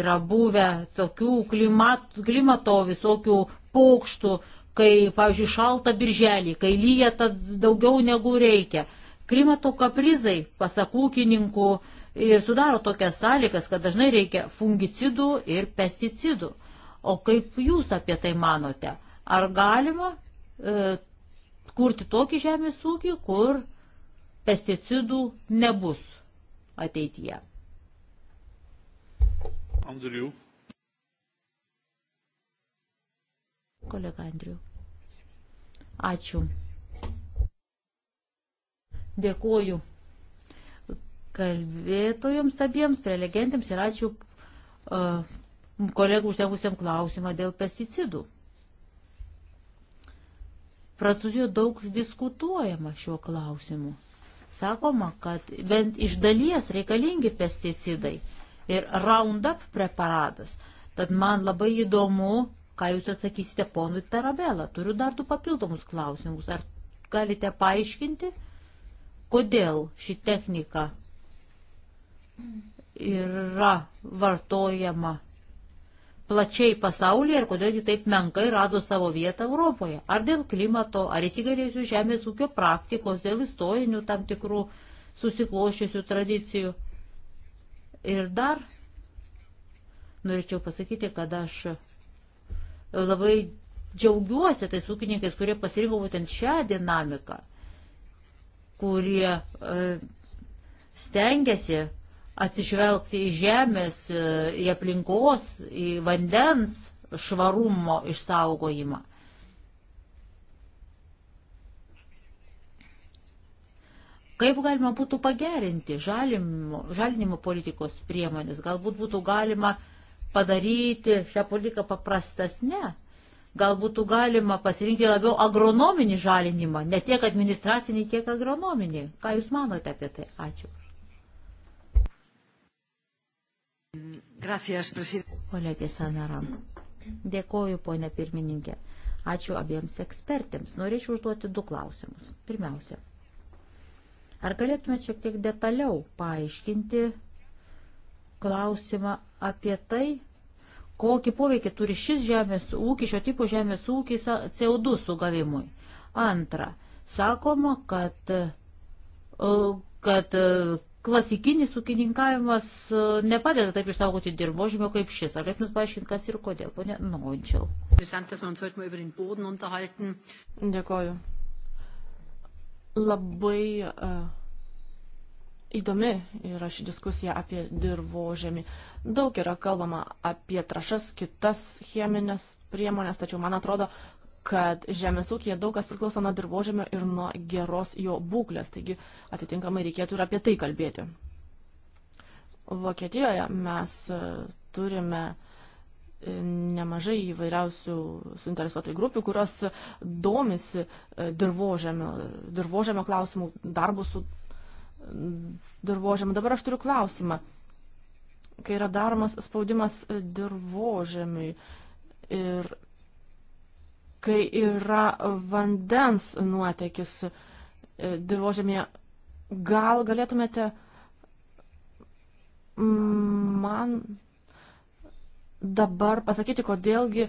yra buvę tokių klimat, klimato visokių paukštų, kai, pavyzdžiui, šalta birželį, kai lyja, tad daugiau negu reikia. Klimato kaprizai, pasak ūkininkų, uh, ir sudaro tokias sąlygas, kad dažnai reikia fungicidų ir pesticidų. O kaip jūs apie tai manote? Ar galima e, kurti tokį žemės ūkį, kur pesticidų nebus ateityje? Andriu. Kolega Andriu. Ačiū. Dėkuoju kalbėtojams abiems, prelegentėms ir ačiū uh, kolegų uždegusiam klausimą dėl pesticidų. Prancūzijoje daug diskutuojama šiuo klausimu. Sakoma, kad bent iš dalies reikalingi pesticidai ir Roundup preparatas. Tad man labai įdomu, ką jūs atsakysite ponui Tarabelą. Turiu dar du papildomus klausimus. Ar galite paaiškinti, kodėl ši technika yra vartojama plačiai pasaulyje ir kodėl ji taip menkai rado savo vietą Europoje. Ar dėl klimato, ar įsigalėjusių žemės ūkio praktikos, dėl istorinių tam tikrų susikloščiusių tradicijų. Ir dar norėčiau pasakyti, kad aš labai džiaugiuosi tais ūkininkais, kurie pasirinko būtent šią dinamiką, kurie e, stengiasi atsižvelgti į žemės, e, į aplinkos, į vandens švarumo išsaugojimą. Kaip galima būtų pagerinti žalinimo, žalinimo politikos priemonės? Galbūt būtų galima padaryti šią politiką paprastesnę? Galbūt galima pasirinkti labiau agronominį žalinimą, ne tiek administracinį, tiek agronominį. Ką Jūs manote apie tai? Ačiū. Gracias, Kolegė Sanaran. Dėkoju, ponė pirmininkė. Ačiū abiems ekspertėms. Norėčiau užduoti du klausimus. Pirmiausia, ar galėtumėte šiek tiek detaliau paaiškinti klausimą apie tai, kokį poveikį turi šis žemės ūkis, šio tipo žemės ūkis CO2 sugavimui. Antra, sakoma, kad, e, kad e, klasikinis ūkininkavimas e, nepadeda taip išsaugoti dirbožymio kaip šis. Ar galėtumėt paaiškinti, kas ir kodėl, ponė Novinčiau? Dėkoju. Labai uh, įdomi yra ši diskusija apie dirbožemį. Daug yra kalbama apie trašas, kitas cheminės priemonės, tačiau man atrodo, kad žemės ūkija daug kas priklauso nuo dirbožėmio ir nuo geros jo būklės, taigi atitinkamai reikėtų ir apie tai kalbėti. Vokietijoje mes e, turime e, nemažai įvairiausių suinteresuotojų grupių, kurios domisi e, dirbožėmio, dirbožėmio klausimų, darbu su dirbožėmiu. Dabar aš turiu klausimą. Kai yra daromas spaudimas dirbožėmiui ir kai yra vandens nuotekis e, dirbožėmėje. Gal galėtumėte man dabar pasakyti, kodėlgi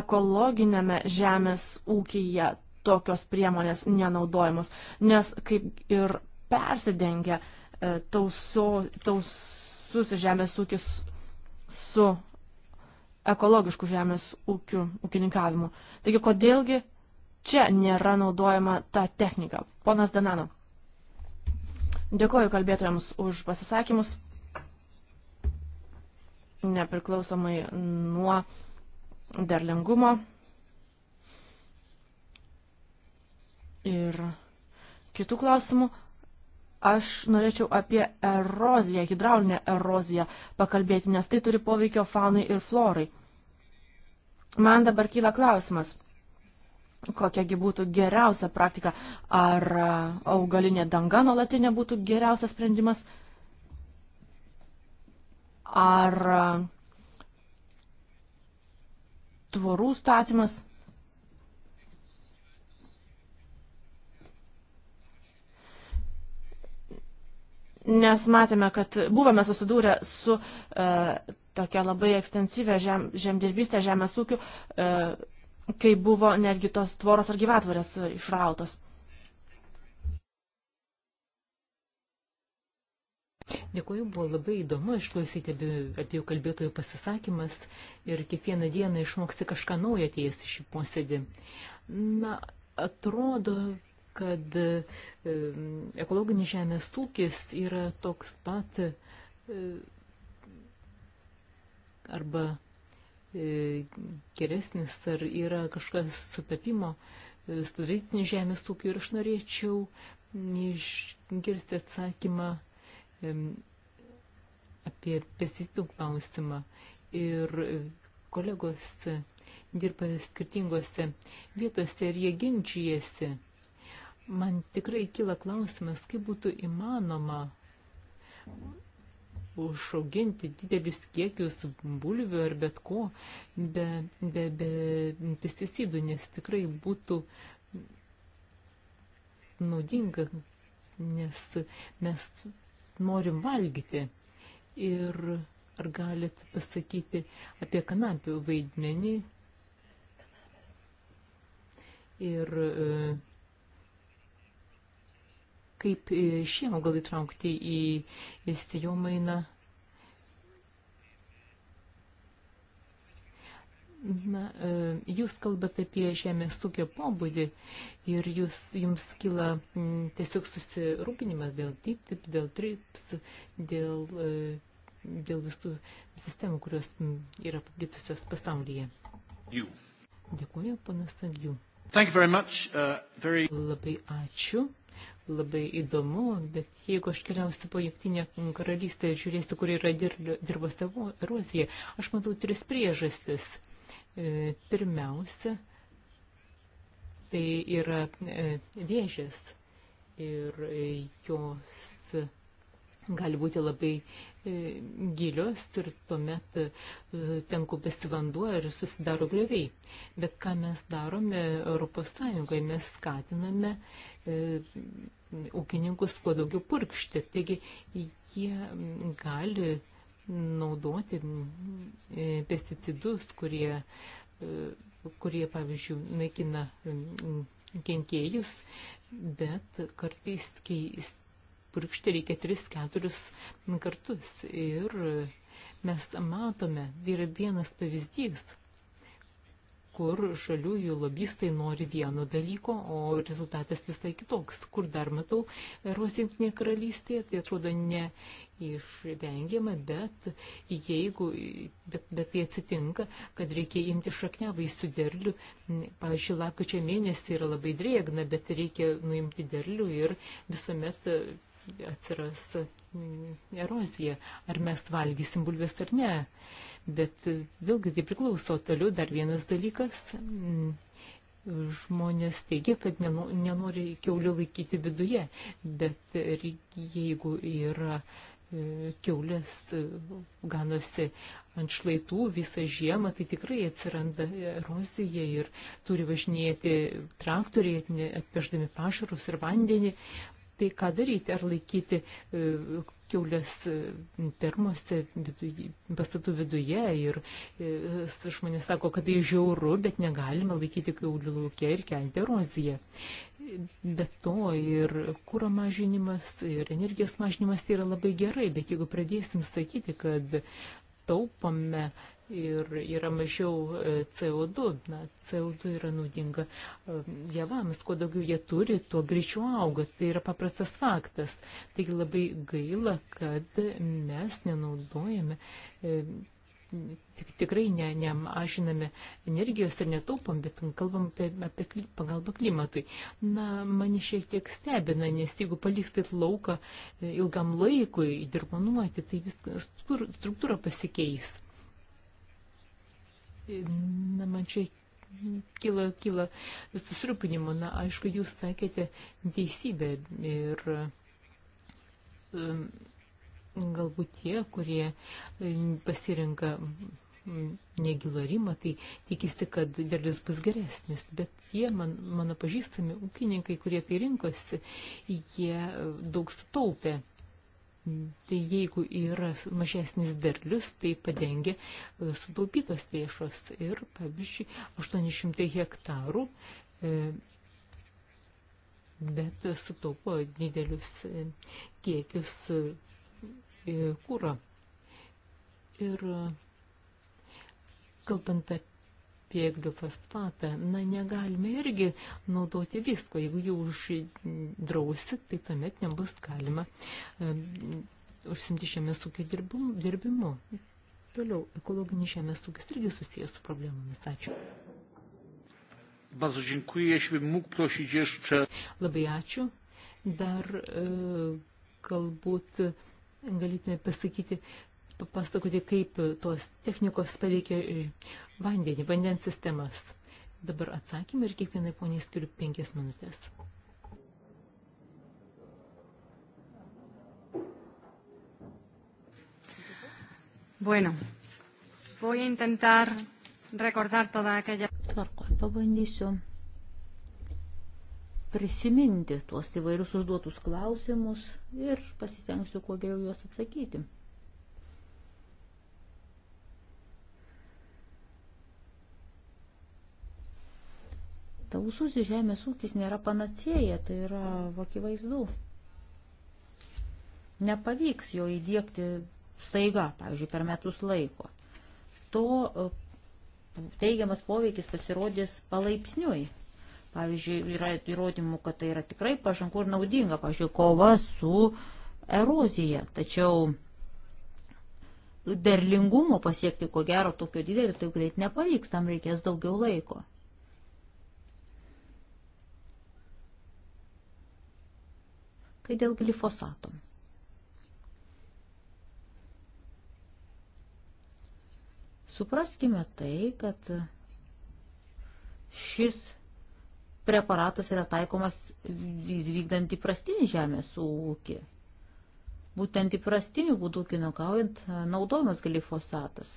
ekologinėme žemės ūkyje tokios priemonės nenaudojamos, nes kaip ir persidengia e, tauso, tausus žemės ūkis su ekologiškų žemės ūkių ūkininkavimu. Taigi, kodėlgi čia nėra naudojama ta technika? Ponas Danano. Dėkoju kalbėtojams už pasisakymus. Nepriklausomai nuo derlingumo ir kitų klausimų, Aš norėčiau apie eroziją, hidraulinę eroziją pakalbėti, nes tai turi poveikio faunai ir florai. Man dabar kyla klausimas, kokiagi būtų geriausia praktika. Ar augalinė danga nuolatinė būtų geriausias sprendimas? Ar tvorų statymas? nes matėme, kad buvome susidūrę su uh, tokia labai ekstensyvė žem, žemdirbystė, žemės ūkių, uh, e, kai buvo netgi tos tvoros ar gyvatvarės išrautos. Dėkuoju, buvo labai įdomu išklausyti abiejų kalbėtojų pasisakymas ir kiekvieną dieną išmoksti kažką naujo atėjęs į šį posėdį. Na, atrodo, kad ekologinis žemės ūkis yra toks pat e, arba e, geresnis, ar yra kažkas sutapimo e, studentinis žemės ūkio ir aš norėčiau išgirsti atsakymą apie pesticidų klausimą. Ir kolegos dirba skirtingose vietose ir jie ginčijasi Man tikrai kyla klausimas, kaip būtų įmanoma užauginti didelius kiekius bulvių ar bet ko, be, be, be pesticidų, nes tikrai būtų naudinga, nes mes norim valgyti. Ir ar galit pasakyti apie kanapių vaidmenį ir e, kaip šie augalai traukti į, į stijomainą. Na, e, jūs kalbate apie žemės ūkio pobūdį ir jūs, jums kyla m, tiesiog susirūpinimas dėl TTIP, dėl TRIPS, dėl, e, dėl visų sistemų, kurios yra paplitusios pasaulyje. You. Dėkuoju, panas Andriu. Uh, very... Labai ačiū labai įdomu, bet jeigu aš keliausiu po Jungtinę karalystę ir žiūrėsiu, kur yra dirbos erozija, aš matau tris priežastis. E, pirmiausia, tai yra e, vėžės ir e, jos gali būti labai E, gilios ir tuomet e, ten kaupėsi vanduo ir susidaro grioviai. Bet ką mes darome Europos Sąjungoje, mes skatiname e, ūkininkus kuo daugiau purkšti. Taigi jie gali naudoti pesticidus, kurie, kurie pavyzdžiui, naikina kenkėjus, bet kartais keisti purkšti reikia 3-4 kartus. Ir mes matome, tai yra vienas pavyzdys, kur žaliųjų lobistai nori vieno dalyko, o rezultatas visai kitoks. Kur dar matau Rosinkinėje karalystėje, tai atrodo ne išvengiama, bet jeigu, bet, bet tai atsitinka, kad reikia imti šakniavaisių derlių, pavyzdžiui, lapkačio mėnesį yra labai drėgna, bet reikia nuimti derlių ir visuomet atsiras mm, erozija, ar mes valgysim bulvės ar ne. Bet e, vėlgi tai priklauso. Toliau dar vienas dalykas. Mm, žmonės teigia, kad nenori keulio laikyti viduje, bet e, jeigu yra e, keulės ganosi ant šlaitų visą žiemą, tai tikrai atsiranda erozija ir turi važinėti traktoriai atpeždami pašarus ir vandenį tai ką daryti, ar laikyti e, kiaulės pirmose e, viduje, pastatų viduje ir e, žmonės sako, kad tai žiauru, bet negalima laikyti kiaulių laukia ir kelti eroziją. Bet to ir kūro mažinimas, ir energijos mažinimas tai yra labai gerai, bet jeigu pradėsim sakyti, kad taupome ir yra mažiau e, CO2. Na, CO2 yra naudinga e, javams, kuo daugiau jie turi, tuo greičiau auga. Tai yra paprastas faktas. Taigi labai gaila, kad mes nenaudojame. E, tik, tikrai ne, nemažiname energijos ir netaupom, bet kalbam apie, apie kli, pagalbą klimatui. Na, mane šiek tiek stebina, nes jeigu palikstit lauką ilgam laikui dirbonuoti, tai viskas struktūra pasikeis na, man čia kyla, kyla susirūpinimo. Na, aišku, jūs sakėte teisybę ir um, galbūt tie, kurie um, pasirinka um, negilarimą, tai tikisi, kad derlius bus geresnis. Bet tie, man, mano pažįstami ūkininkai, kurie tai rinkosi, jie daug sutaupė. Tai jeigu yra mažesnis derlius, tai padengia e, sutaupytos lėšos. Ir, pavyzdžiui, 800 hektarų, e, bet sutaupo didelius e, kiekius kūro. Ir kalbant apie piegliufas platą, na, negalime irgi naudoti visko. Jeigu jų uždrausi, tai tuomet nebus galima um, užsimti žemės ūkio dirbimu. Toliau, ekologinis žemės ūkis irgi susijęs su problemomis. Ačiū. Bardzo dziękuję. Jeśli mógł prosić jeszcze. Labai ačiū. Dar e, galbūt galėtume pasakyti, pasakoti, kaip tos technikos paveikia vandenį, vandens sistemas. Dabar atsakymai ir kiekvienai poniai skiriu penkias minutės. Bueno, voy a intentar recordar toda aquella. Tvarko, pabandysiu prisiminti tuos įvairius užduotus klausimus ir pasistengsiu kuo geriau juos atsakyti. Tausus žemės ūkis nėra panacėja, tai yra akivaizdu. Nepavyks jo įdėkti staiga, pavyzdžiui, per metus laiko. To e, teigiamas poveikis pasirodys palaipsniui. Pavyzdžiui, yra įrodymų, kad tai yra tikrai pažangu ir naudinga, pavyzdžiui, kova su erozija. Tačiau derlingumo pasiekti, ko gero, tokio didelio taip greit nepavyks, tam reikės daugiau laiko. Kai dėl glifosato. Supraskime tai, kad šis preparatas yra taikomas vykdant įprastinį žemės ūkį. Būtent įprastinių būdų kinokaujant e, naudojamas glifosatas.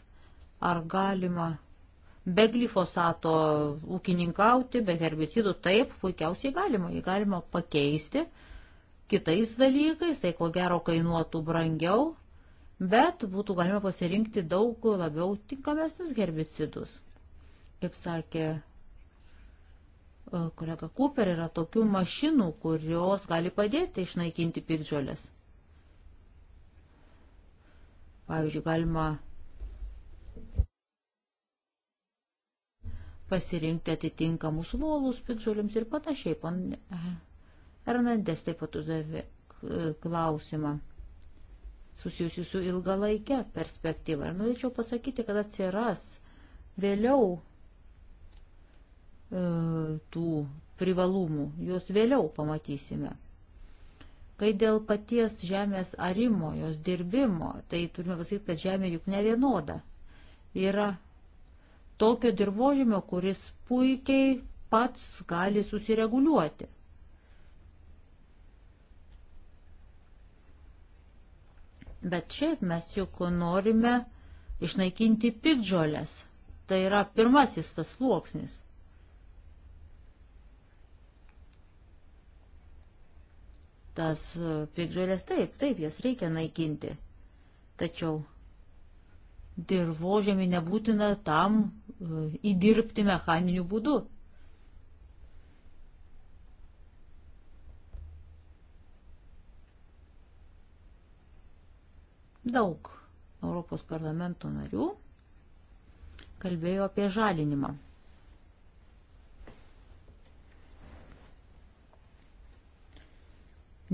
Ar galima be glifosato ūkininkauti, be herbicidų? Taip, puikiausiai galima. Jį galima pakeisti kitais dalykais, tai ko gero kainuotų brangiau, bet būtų galima pasirinkti daug labiau tinkamesnius herbicidus. Kaip sakė e, kolega Cooper, yra tokių mašinų, kurios gali padėti išnaikinti pikdžiolės. Pavyzdžiui, galima pasirinkti atitinkamus volus pikdžiolėms ir panašiai. Pan... Hernandez taip pat uždavė e, klausimą susijusiu su ilgalaikė perspektyva. Ir norėčiau pasakyti, kad atsiras vėliau e, tų privalumų, juos vėliau pamatysime. Kai dėl paties žemės arimo, jos dirbimo, tai turime pasakyti, kad žemė juk ne vienoda. Yra tokio dirbožymio, kuris puikiai pats gali susireguliuoti. Bet šiaip mes juk norime išnaikinti pidžolės. Tai yra pirmasis tas sluoksnis. Tas e, pidžolės taip, taip, jas reikia naikinti. Tačiau dirbožėmį nebūtina tam e, įdirbti mechaniniu būdu. Daug Europos parlamento narių kalbėjo apie žalinimą.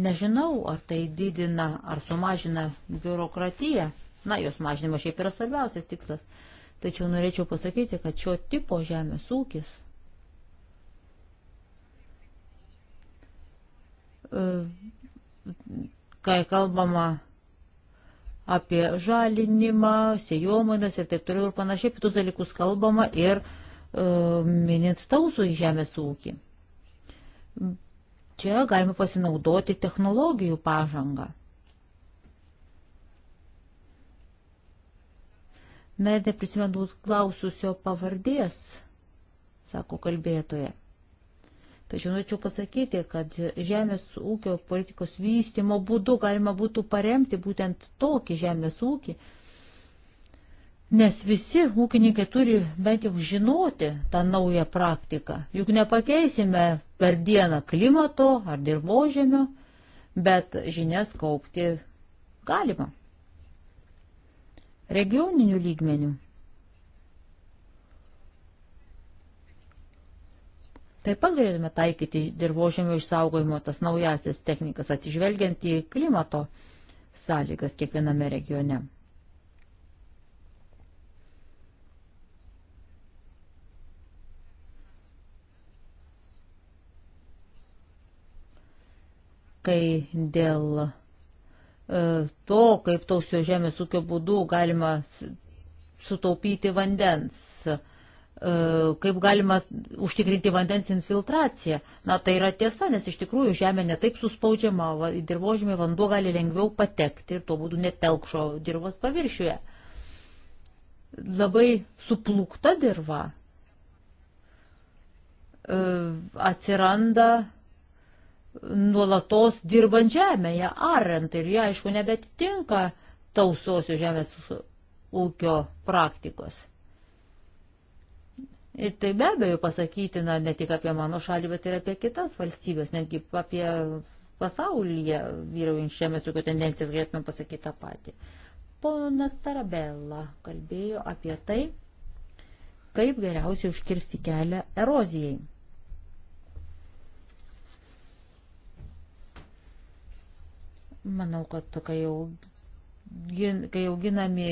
Nežinau, ar tai didina, ar sumažina biurokratiją. Na, jos mažinimas šiaip yra svarbiausias tikslas. Tačiau norėčiau pasakyti, kad šio tipo žemės ūkis e, kai kalbama apie žalinimą, sėjomainas ir taip toliau ir panašiai, apie tuos dalykus kalbama ir e, minint stausų į žemės ūkį. Čia galime pasinaudoti technologijų pažangą. Na ir neprisimenu klaususio pavardės, sako kalbėtoje. Tačiau norėčiau pasakyti, kad žemės ūkio politikos vystimo būdu galima būtų paremti būtent tokį žemės ūkį, nes visi ūkininkai turi bent jau žinoti tą naują praktiką. Juk nepakeisime per dieną klimato ar dirbožėmio, bet žinias kaupti galima. Regioninių lygmenių Taip pat galėtume taikyti dirbožėmio išsaugojimo tas naujasis technikas, atsižvelgiant į klimato sąlygas kiekviename regione. Kai dėl e, to, kaip tausio žemės ūkio būdų galima sutaupyti vandens, E, kaip galima užtikrinti vandens infiltraciją. Na, tai yra tiesa, nes iš tikrųjų žemė netaip suspaudžiama, dirbožėmė vanduo gali lengviau patekti ir tuo būdu netelkšo dirbos paviršiuje. Labai suplūkta dirba e, atsiranda nuolatos dirbant žemėje, arent ir jie aišku nebetitinka tausosios žemės ūkio praktikos. Ir tai be abejo pasakytina ne tik apie mano šalį, bet ir apie kitas valstybės, netgi apie pasaulyje vyraujančią mes tokių tendencijas galėtume pasakyti tą patį. Ponas Tarabella kalbėjo apie tai, kaip geriausiai užkirsti kelią erozijai. Manau, kad kai jau, kai jau ginami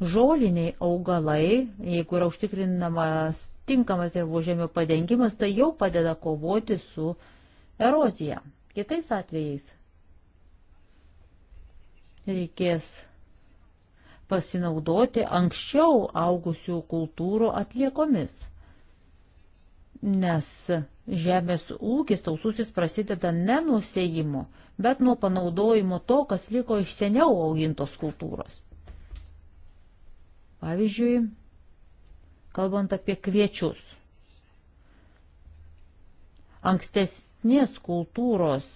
Žoliniai augalai, jeigu yra užtikrinamas tinkamas dirbožėmio padengimas, tai jau padeda kovoti su erozija. Kitais atvejais reikės pasinaudoti anksčiau augusių kultūrų atliekomis, nes žemės ūkis taususis prasideda ne nuo sėjimo, bet nuo panaudojimo to, kas liko iš seniau augintos kultūros. Pavyzdžiui, kalbant apie kviečius. Ankstesnės kultūros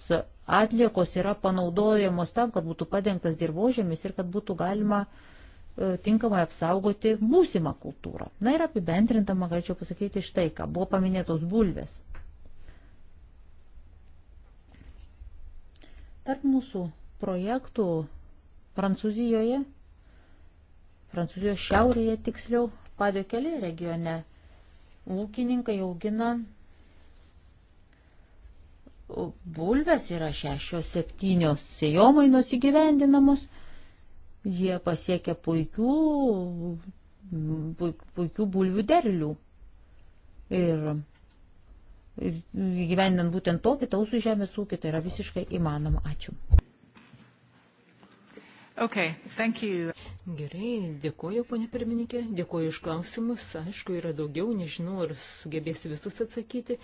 atliekos yra panaudojamos tam, kad būtų padengtas dirbožėmis ir kad būtų galima e, tinkamai apsaugoti būsimą kultūrą. Na ir apibendrintama galėčiau pasakyti štai ką. Buvo paminėtos bulvės. Tarp mūsų projektų Prancūzijoje Prancūzijos šiaurėje tiksliau padė keli regione. Ūkininkai augina bulves yra šešios, septynios sėjomainos įgyvendinamos. Jie pasiekia puikių, puikių bulvių derlių. Ir gyvendant būtent tokį tausų žemės ūkį, tai yra visiškai įmanoma. Ačiū. Okay, thank you. Gerai, dėkoju, ponė pirmininkė, dėkoju iš klausimus. Aišku, yra daugiau, nežinau, ar sugebėsiu visus atsakyti,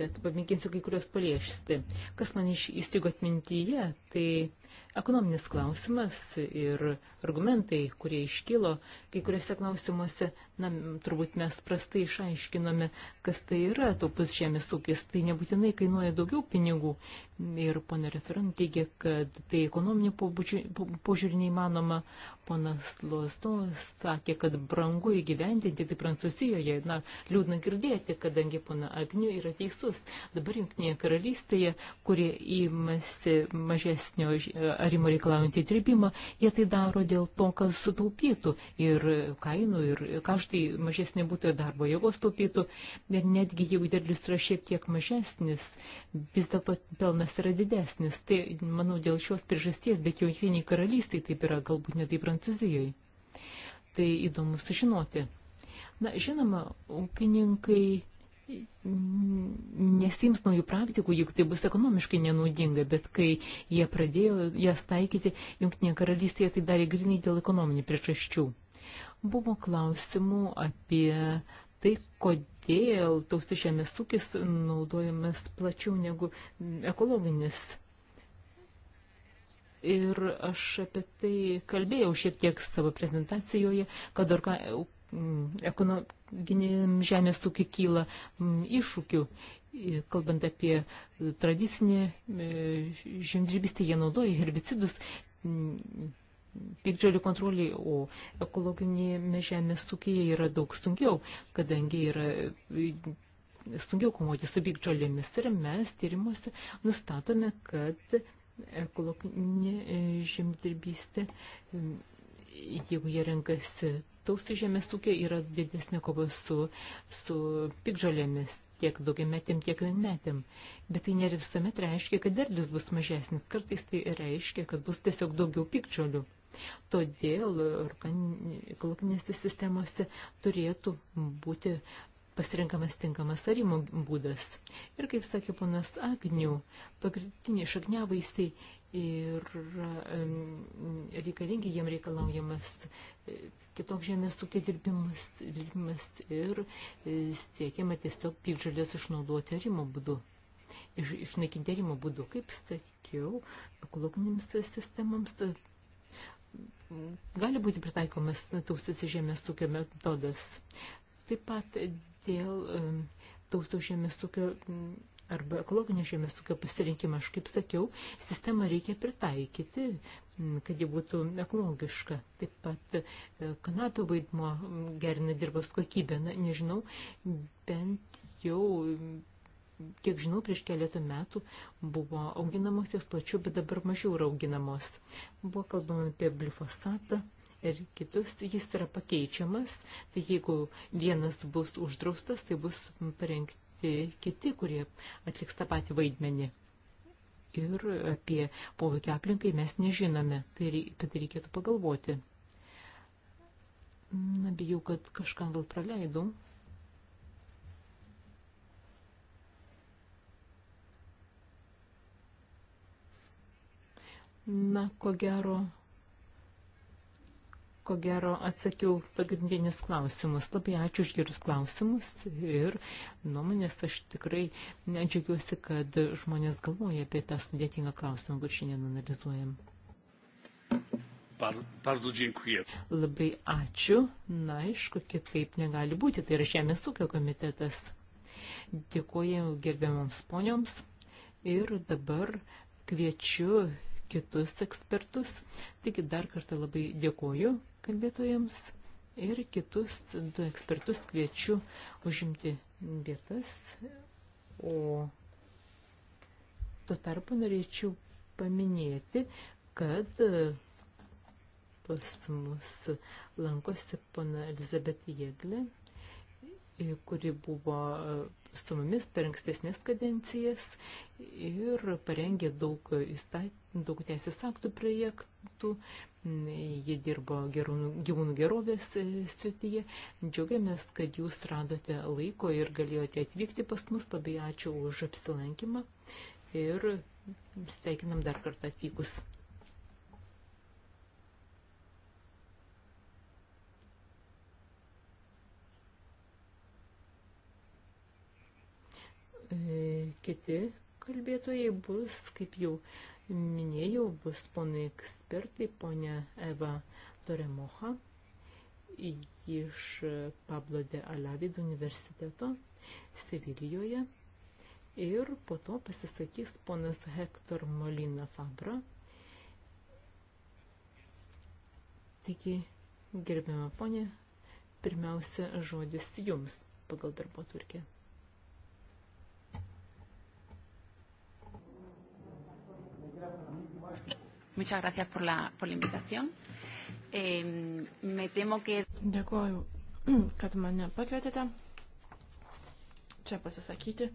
bet pamėginsiu kai kurios paliešti. Kas man iš įstrigo atmintyje, tai ekonominis klausimas ir argumentai, kurie iškilo, kai kuriuose klausimuose, na, turbūt mes prastai išaiškinome, kas tai yra taupus žemės ūkis, tai nebūtinai kainuoja daugiau pinigų. Ir ponė referent teigia, kad tai ekonominio požiūrį neįmanoma. Ponas Lostos sakė, kad brangu įgyvendinti, tai Prancūzijoje, na, liūdna girdėti, kadangi pona Agniu yra teisus. Dabar Junktinėje karalystėje, kurie įmasi mažesnio arimo reikalaujantį dirbimą, jie tai daro dėl to, kad sutaupytų ir kainų, ir kaštai mažesnė būtų ir darbo jėgos taupytų. Ir netgi jeigu derlius yra šiek tiek mažesnis, vis dėlto pelnas yra didesnis. Tai, manau, dėl šios priežasties, bet jau jungtiniai karalystiai taip yra, galbūt netai Prancūzijoje. Tai įdomu sužinoti. Na, žinoma, ūkininkai nesims naujų praktikų, juk tai bus ekonomiškai nenaudinga, bet kai jie pradėjo jas taikyti, Junktinėje karalystėje tai darė grinai dėl ekonominių priežasčių. Buvo klausimų apie tai, kodėl tausti žemės ūkis naudojamas plačiau negu ekologinis. Ir aš apie tai kalbėjau šiek tiek savo prezentacijoje, kad orga, Mm, ekonominiam žemės ūkiu kyla mm, iššūkių. Kalbant apie e, tradicinį e, žemdirbystį, jie naudoja herbicidus mm, piktžolių kontroliai, o ekologinėme žemės ūkyje yra daug sunkiau, kadangi yra e, sunkiau komuoti su piktžolėmis ir mes tyrimuose nustatome, kad ekologinė žemdirbystė jeigu jie renkasi Tausti žemės ūkio yra didesnė kova su, su pikžolėmis tiek daugiametėm, tiek vienmetėm. Bet tai ne visuomet reiškia, kad derlius bus mažesnis. Kartais tai reiškia, kad bus tiesiog daugiau pikčiolių. Todėl ekologinėse sistemose turėtų būti pasirinkamas tinkamas arimo būdas. Ir kaip sakė ponas Agnių, pagrindiniai šakniavaisiai ir reikalingi jiem reikalaujamas e, kitoks žemės ūkio dirbimas, dirbimas ir e, siekiama tiesiog pikžalės išnaudoti arimo būdu, iš, išnaikinti arimo būdu, kaip sakiau, ekologinėms sistemams. E, gali būti pritaikomas taustusi žemės ūkio metodas. Taip pat dėl taustų žemės ūkio arba ekologinio žemės ūkio pasirinkimą. Aš kaip sakiau, sistemą reikia pritaikyti, kad ji būtų ekologiška. Taip pat e, kanapių vaidmo gerina dirbos kokybę. Na, nežinau, bent jau kiek žinau, prieš keletą metų buvo auginamos jos plačiau, bet dabar mažiau yra auginamos. Buvo kalbama apie glifosatą ir kitus, jis yra pakeičiamas, tai jeigu vienas bus uždraustas, tai bus parengti visi kiti, kurie atliks tą patį vaidmenį. Ir apie poveikį aplinkai mes nežinome, tai apie tai reikėtų pagalvoti. Na, bijau, kad kažkam gal praleidau. Na, ko gero, ko gero atsakiau pagrindinius klausimus. Labai ačiū už gerus klausimus ir nuomonės aš tikrai džiaugiuosi, kad žmonės galvoja apie tą sudėtingą klausimą, kur šiandien analizuojam. Bar, bardzo dziękuję. Labai ačiū. Na, aišku, kitaip negali būti. Tai yra Žemės ūkio komitetas. Dėkuoju gerbiamoms ponioms ir dabar kviečiu kitus ekspertus. Taigi dar kartą labai dėkuoju kalbėtojams ir kitus du ekspertus kviečiu užimti vietas. O tuo tarpu norėčiau paminėti, kad pas mus lankosi pana Elizabeth Jėglė, kuri buvo su mumis per ankstesnės kadencijas ir parengė daug, įstat, daug teisės aktų projektų, Ji dirbo nu, gyvūnų gerovės e, srityje. Džiaugiamės, kad jūs radote laiko ir galėjote atvykti pas mus. Labai ačiū už apsilankymą ir sveikinam dar kartą atvykus. E, kiti kalbėtojai bus, kaip jau minėjau, bus ponai ekspertai, ponia Eva Toremoha iš Pablo de Alavid universiteto Sevilijoje ir po to pasisakys ponas Hector Molina Fabra. Taigi, gerbiama ponė, pirmiausia žodis jums pagal darbo turkį. Muchas gracias por la, por la invitación. Eh, me temo que. Dėkuoju, kad mane pakvietėte čia pasisakyti.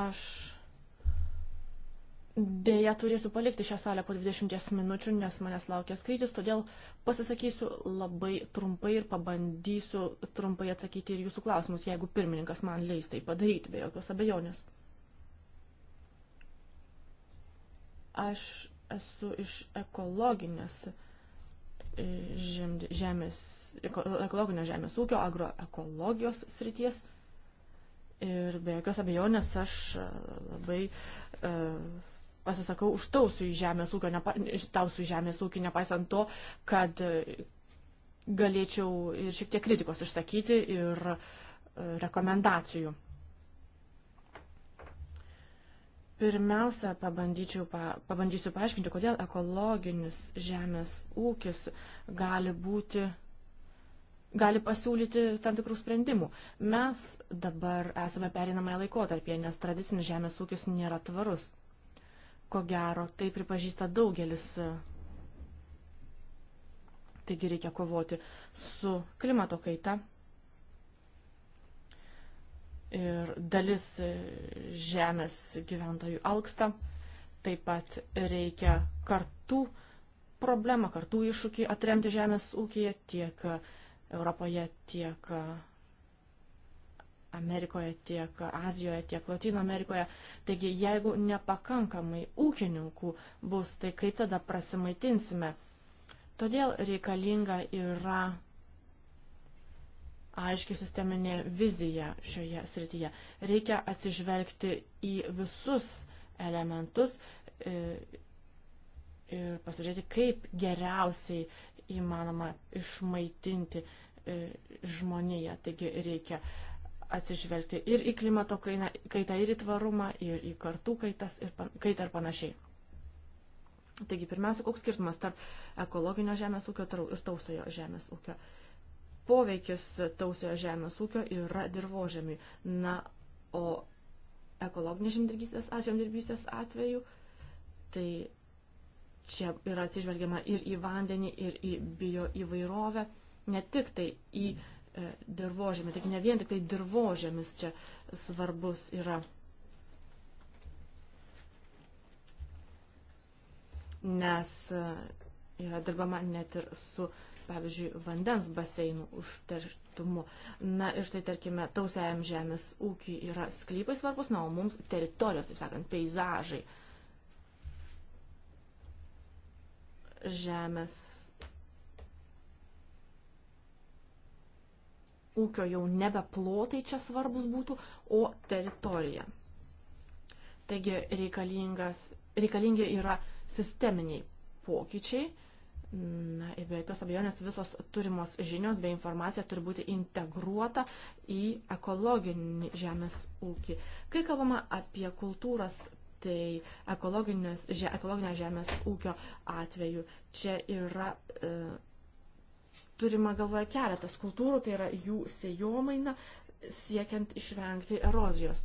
Aš dėja turėsiu palikti šią salę po 20 minučių, nes manęs laukia skrydis, todėl pasisakysiu labai trumpai ir pabandysiu trumpai atsakyti ir jūsų klausimus, jeigu pirmininkas man leis tai padaryti, be jokios abejonės. Aš esu iš ekologinės e, žemės, ekologinio žemės ūkio, agroekologijos srities. Ir be jokios abejonės aš e, labai e, pasisakau už tausų į žemės ūkį, nepa, tausų į žemės ūkį, nepaisant to, kad e, galėčiau ir šiek tiek kritikos išsakyti ir e, rekomendacijų. Pirmiausia, pa, pabandysiu paaiškinti, kodėl ekologinis žemės ūkis gali būti, gali pasiūlyti tam tikrų sprendimų. Mes dabar esame perinamąją laikotarpį, nes tradicinis žemės ūkis nėra tvarus. Ko gero, tai pripažįsta daugelis. Taigi reikia kovoti su klimato kaita, ir dalis žemės gyventojų alksta. Taip pat reikia kartų problemą, kartų iššūkį atremti žemės ūkiją tiek Europoje, tiek Amerikoje, tiek Azijoje, tiek Latino Amerikoje. Taigi, jeigu nepakankamai ūkininkų bus, tai kaip tada prasimaitinsime? Todėl reikalinga yra aiškiai sisteminė vizija šioje srityje. Reikia atsižvelgti į visus elementus e, ir pasižiūrėti, kaip geriausiai įmanoma išmaitinti e, žmoniją. Taigi reikia atsižvelgti ir į klimato kaitą, ir į tvarumą, ir į kartų kaitas, ir pan, kaitą ir panašiai. Taigi, pirmiausia, koks skirtumas tarp ekologinio žemės ūkio ir tausojo žemės ūkio. Uh, poveikis tausiojo žemės ūkio yra dirbožėmiui. Na, o ekologinės žemdirbystės, žemdirbystės atveju, tai čia yra atsižvelgiama ir į vandenį, ir į bio įvairovę, ne tik tai į e, dirbožėmį, tik ne vien tik tai dirbožėmis čia svarbus yra. Nes e, yra dirbama net ir su, pavyzdžiui, vandens baseinų užterštumu. Na ir štai, tarkime, tausiajam žemės ūkiui yra sklypai svarbus, na, o mums teritorijos, taip sakant, peizažai. Žemės ūkio jau nebe plotai čia svarbus būtų, o teritorija. Taigi reikalingas, reikalingi yra sisteminiai pokyčiai Na ir be jokios abejonės visos turimos žinios bei informacija turi būti integruota į ekologinį žemės ūkį. Kai kalbama apie kultūras, tai že, ekologinio žemės ūkio atveju čia yra e, turima galvoje keletas kultūrų, tai yra jų sejomaina siekiant išvengti erozijos.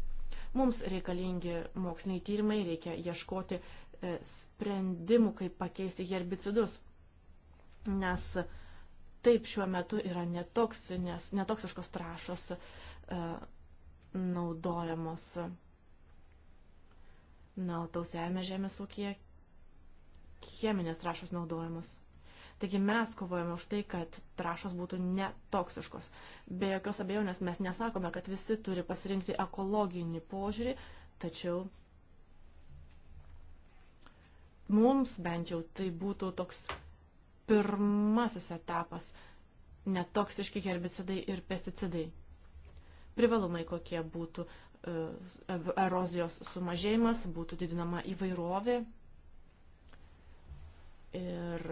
Mums reikalingi moksliniai tyrimai, reikia ieškoti e, sprendimų, kaip pakeisti herbicidus nes taip šiuo metu yra netoksinės, netoksiškos trašos e, naudojamos na, tausiajame žemės ūkija cheminės trašos naudojamos. Taigi mes kovojame už tai, kad trašos būtų netoksiškos. Be jokios abejonės mes nesakome, kad visi turi pasirinkti ekologinį požiūrį, tačiau mums bent jau tai būtų toks pirmasis etapas - netoksiški herbicidai ir pesticidai. Privalumai kokie būtų e, erozijos sumažėjimas, būtų didinama įvairovė ir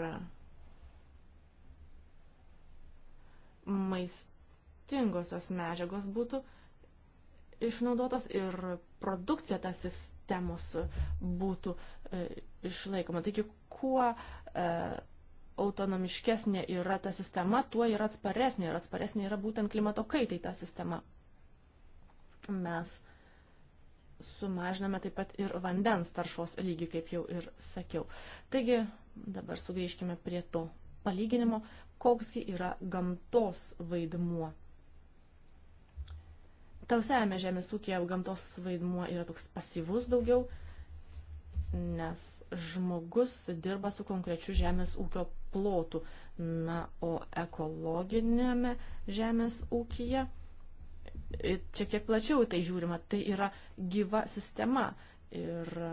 maistingosios medžiagos būtų išnaudotos ir produkcija ta sistemos būtų e, išlaikoma. Taigi, kuo e, autonomiškesnė yra ta sistema, tuo yra atsparesnė ir atsparesnė yra būtent klimato kaitai ta sistema. Mes sumažiname taip pat ir vandens taršos lygį, kaip jau ir sakiau. Taigi dabar sugrįžkime prie to palyginimo, koksgi yra gamtos vaidmuo. Tausiajame žemės ūkėje gamtos vaidmuo yra toks pasyvus daugiau, nes žmogus dirba su konkrečiu žemės ūkio plotu. Na, o ekologinėme žemės ūkyje čia kiek plačiau tai žiūrima, tai yra gyva sistema. Ir e,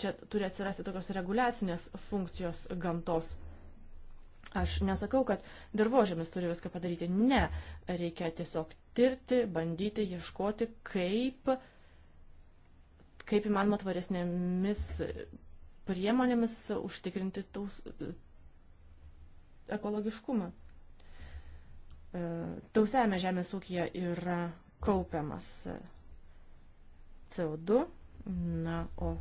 čia turi atsirasti tokios reguliacinės funkcijos gamtos. Aš nesakau, kad dirbožėmis turi viską padaryti. Ne, reikia tiesiog tirti, bandyti, ieškoti, kaip uh, kaip įmanoma tvaresnėmis priemonėmis užtikrinti taus, ekologiškumą. E, tausiajame žemės ūkija yra kaupiamas CO2, na, o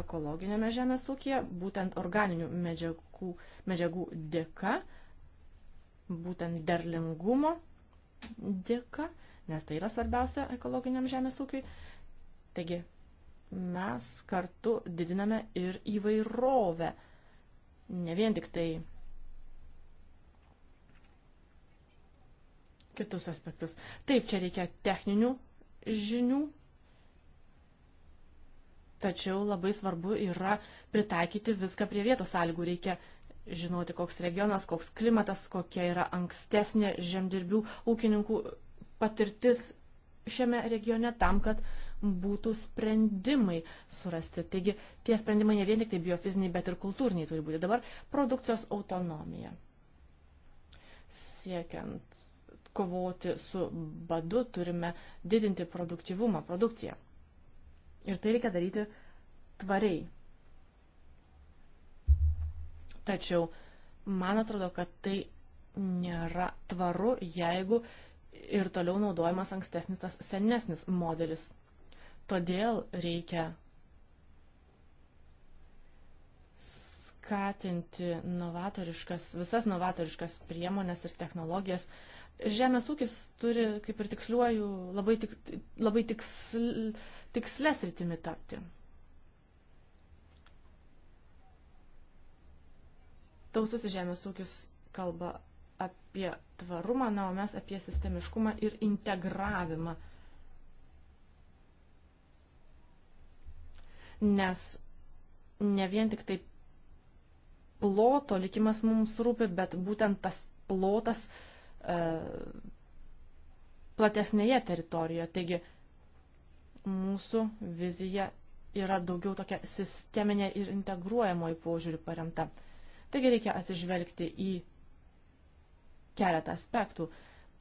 ekologinėme žemės ūkija būtent organinių medžiagų, medžiagų dėka, būtent derlingumo dėka, nes tai yra svarbiausia ekologiniam žemės ūkiui. Taigi mes kartu didiname ir įvairovę. Ne vien tik tai kitus aspektus. Taip, čia reikia techninių žinių, tačiau labai svarbu yra pritaikyti viską prie vietos sąlygų. Reikia žinoti, koks regionas, koks klimatas, kokia yra ankstesnė žemdirbių ūkininkų patirtis šiame regione tam, kad uh, būtų sprendimai surasti. Taigi tie sprendimai ne vien tik tai biofiziniai, bet ir kultūriniai turi būti. Dabar produkcijos autonomija. Siekiant kovoti su badu turime didinti produktivumą, produkciją. Ir tai reikia daryti tvariai. Tačiau man atrodo, kad tai nėra tvaru, jeigu ir toliau naudojamas ankstesnis tas senesnis modelis. Todėl reikia skatinti novatoriškas, visas novatoriškas priemonės ir technologijas. Žemės ūkis turi, kaip ir tiksliuoju, labai, tik, labai tiksl, tikslės rytimi tapti. Tausus žemės ūkis kalba apie tvarumą, na, o mes apie sistemiškumą ir integravimą nes ne vien tik tai ploto likimas mums rūpi, bet būtent tas plotas e, platesnėje teritorijoje. Taigi mūsų vizija yra daugiau tokia sisteminė ir integruojamoji požiūrį paremta. Taigi reikia atsižvelgti į keletą aspektų,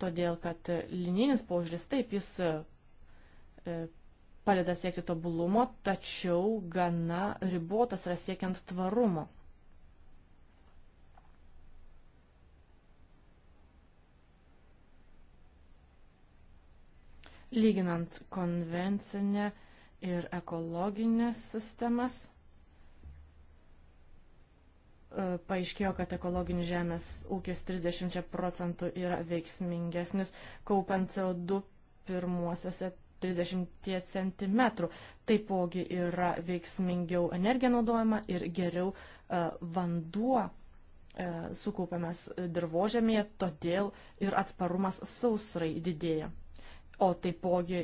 todėl kad lininis požiūris taip jis e, padeda siekti tobulumo, tačiau gana ribotas yra siekiant tvarumo. Lyginant konvencinę ir ekologinės sistemas, e, paaiškėjo, kad ekologinis žemės ūkis 30 procentų yra veiksmingesnis, kaupiant CO2 pirmuosiuose 30 cm. Taipogi yra veiksmingiau energija naudojama ir geriau e, vanduo e, sukaupiamas dirbožėmėje, todėl ir atsparumas sausrai didėja. O taipogi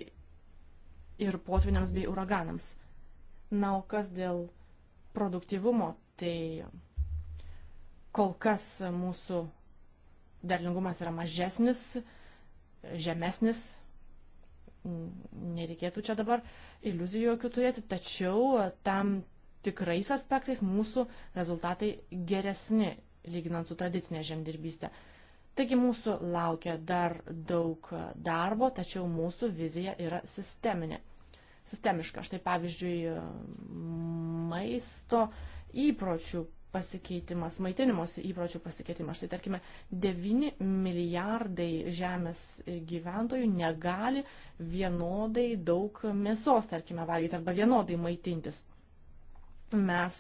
ir potviniams bei uraganams. Na, o kas dėl produktyvumo, tai kol kas mūsų derlingumas yra mažesnis, žemesnis nereikėtų čia dabar iliuzijų jokių turėti, tačiau e, tam tikrais aspektais mūsų rezultatai geresni, lyginant su tradicinė žemdirbystė. Taigi mūsų laukia dar daug darbo, tačiau mūsų vizija yra sisteminė. Sistemiška. Štai pavyzdžiui, e, maisto įpročių pasikeitimas, maitinimosi įpročių pasikeitimas. Štai tarkime, 9 milijardai žemės gyventojų negali vienodai daug mėsos, tarkime, valgyti arba vienodai maitintis. Mes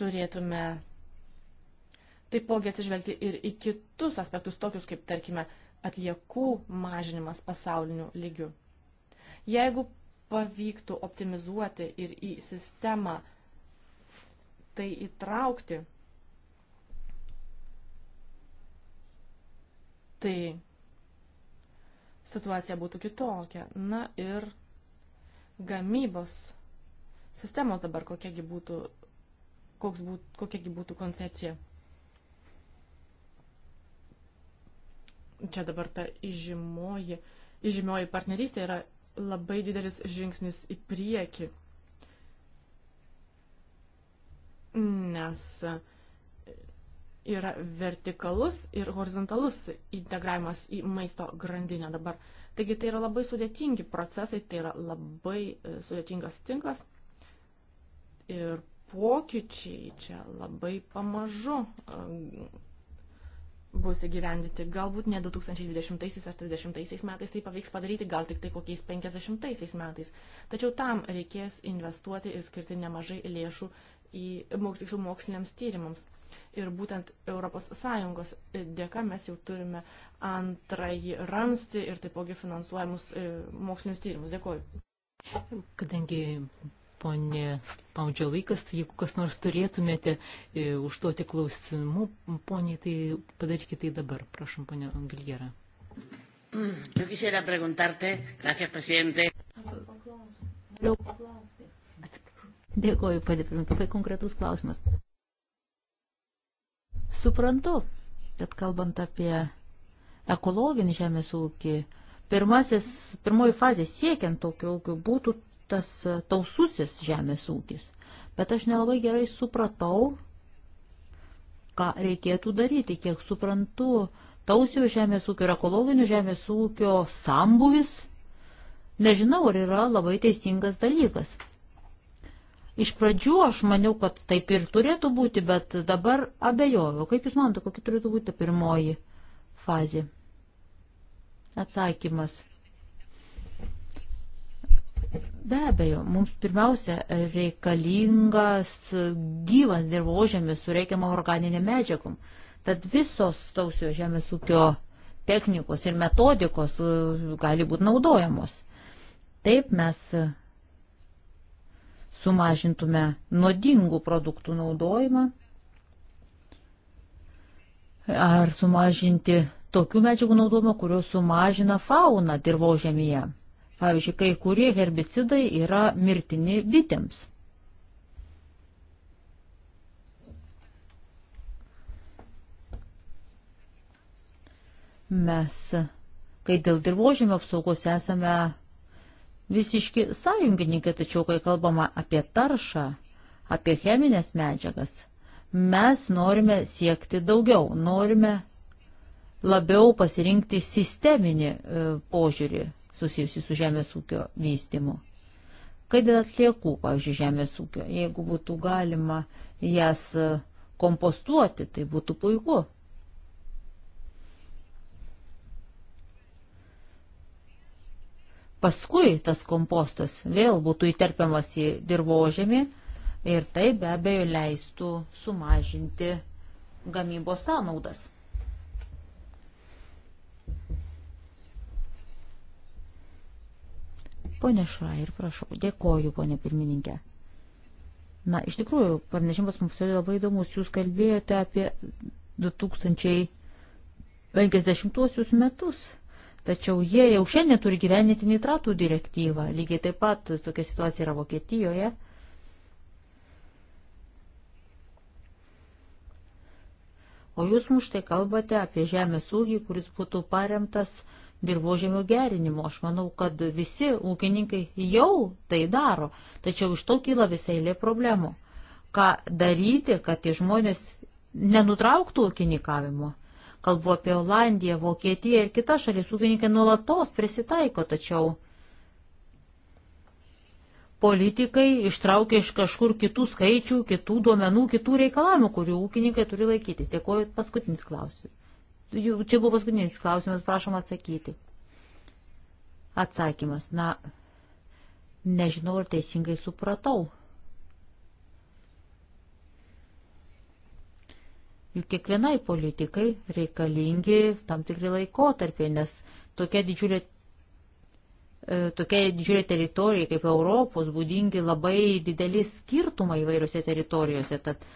turėtume taipogi atsižvelgti ir į kitus aspektus, tokius kaip, tarkime, atliekų mažinimas pasauliniu lygiu. Jeigu pavyktų optimizuoti ir į sistemą, tai įtraukti. Tai situacija būtų kitokia. Na ir gamybos sistemos dabar kokiagi būtų, koks būtų, kokiagi būtų koncepcija. Čia dabar ta įžymoji, įžymioji partnerystė yra labai didelis žingsnis į priekį. nes yra vertikalus ir horizontalus integravimas į maisto grandinę dabar. Taigi tai yra labai sudėtingi procesai, tai yra labai e, sudėtingas tinklas ir pokyčiai čia labai pamažu e, bus įgyvendyti. Galbūt ne 2020 ar 30 metais tai pavyks padaryti, gal tik tai kokiais 50 metais. Tačiau tam reikės investuoti ir skirti nemažai lėšų į mokslikslių moksliniams tyrimams. Ir būtent ES dėka mes jau turime antrąjį ramstį ir taipogi finansuojamus e, mokslinius tyrimus. Dėkuoju. Kadangi ponė spaudžia laikas, tai jeigu kas nors turėtumėte e, užduoti klausimų, poniai, tai padarykite tai dabar. Prašom, ponė Angiljera. Yo quisiera preguntarte, gracias presidente. Noriu paklausti. Dėkoju, padėprimint, labai konkretus klausimas. Suprantu, kad kalbant apie ekologinį žemės ūkį, pirmasis, pirmoji fazė siekiant tokio ūkio būtų tas taususis žemės ūkis. Bet aš nelabai gerai supratau, ką reikėtų daryti, kiek suprantu, tausio žemės ūkio ir ekologinio žemės ūkio sambuvis, nežinau, ar yra labai teisingas dalykas. Iš pradžių aš maniau, kad taip ir turėtų būti, bet dabar abejoju. Kaip Jūs manote, kokia turėtų būti pirmoji fazė? Atsakymas. Be abejo, mums pirmiausia reikalingas gyvas dirbožėmis su reikiamam organinėm medžiagom. Tad visos tausio žemės ūkio technikos ir metodikos gali būti naudojamos. Taip mes sumažintume nuodingų produktų naudojimą ar sumažinti tokių medžiagų naudojimą, kurios sumažina fauną dirbožėmėje. Pavyzdžiui, kai kurie herbicidai yra mirtini bitėms. Mes, kai dėl dirbožėmio apsaugos esame visiški sąjungininkai, tačiau kai kalbama apie taršą, apie cheminės medžiagas, mes norime siekti daugiau, norime labiau pasirinkti sisteminį e, požiūrį susijusi su žemės ūkio vystimu. Kai dėl atliekų, pavyzdžiui, žemės ūkio, jeigu būtų galima jas e, kompostuoti, tai būtų puiku. Paskui tas kompostas vėl būtų įterpiamas į dirbožėmį ir tai be abejo leistų sumažinti gamybos sąnaudas. Pone Šrair, prašau, dėkoju, pone pirmininkė. Na, iš tikrųjų, pranešimas mums yra labai įdomus. Jūs kalbėjote apie 2050 metus. Tačiau jie jau šiandien turi gyveninti nitratų direktyvą. Lygiai taip pat tokia situacija yra Vokietijoje. O jūs mums štai kalbate apie žemės ūkį, kuris būtų paremtas dirbožėmio gerinimu. Aš manau, kad visi ūkininkai jau tai daro, tačiau iš to kyla visai lė problemų. Ką daryti, kad tie žmonės nenutrauktų ūkininkavimo? Kalbu apie Olandiją, Vokietiją ir kitas šalis. Ūkininkai nuolatos prisitaiko, tačiau politikai ištraukia iš kažkur kitų skaičių, kitų duomenų, kitų reikalavimų, kurių ūkininkai turi laikytis. Dėkuoju, paskutinis klausimas. Čia buvo paskutinis klausimas, prašom atsakyti. Atsakymas. Na, nežinau, ar teisingai supratau. Juk kiekvienai politikai reikalingi tam tikri laikotarpiai, nes tokia didžiulė, e, tokia didžiulė teritorija kaip Europos būdingi labai dideli skirtumai įvairiose teritorijose. Tad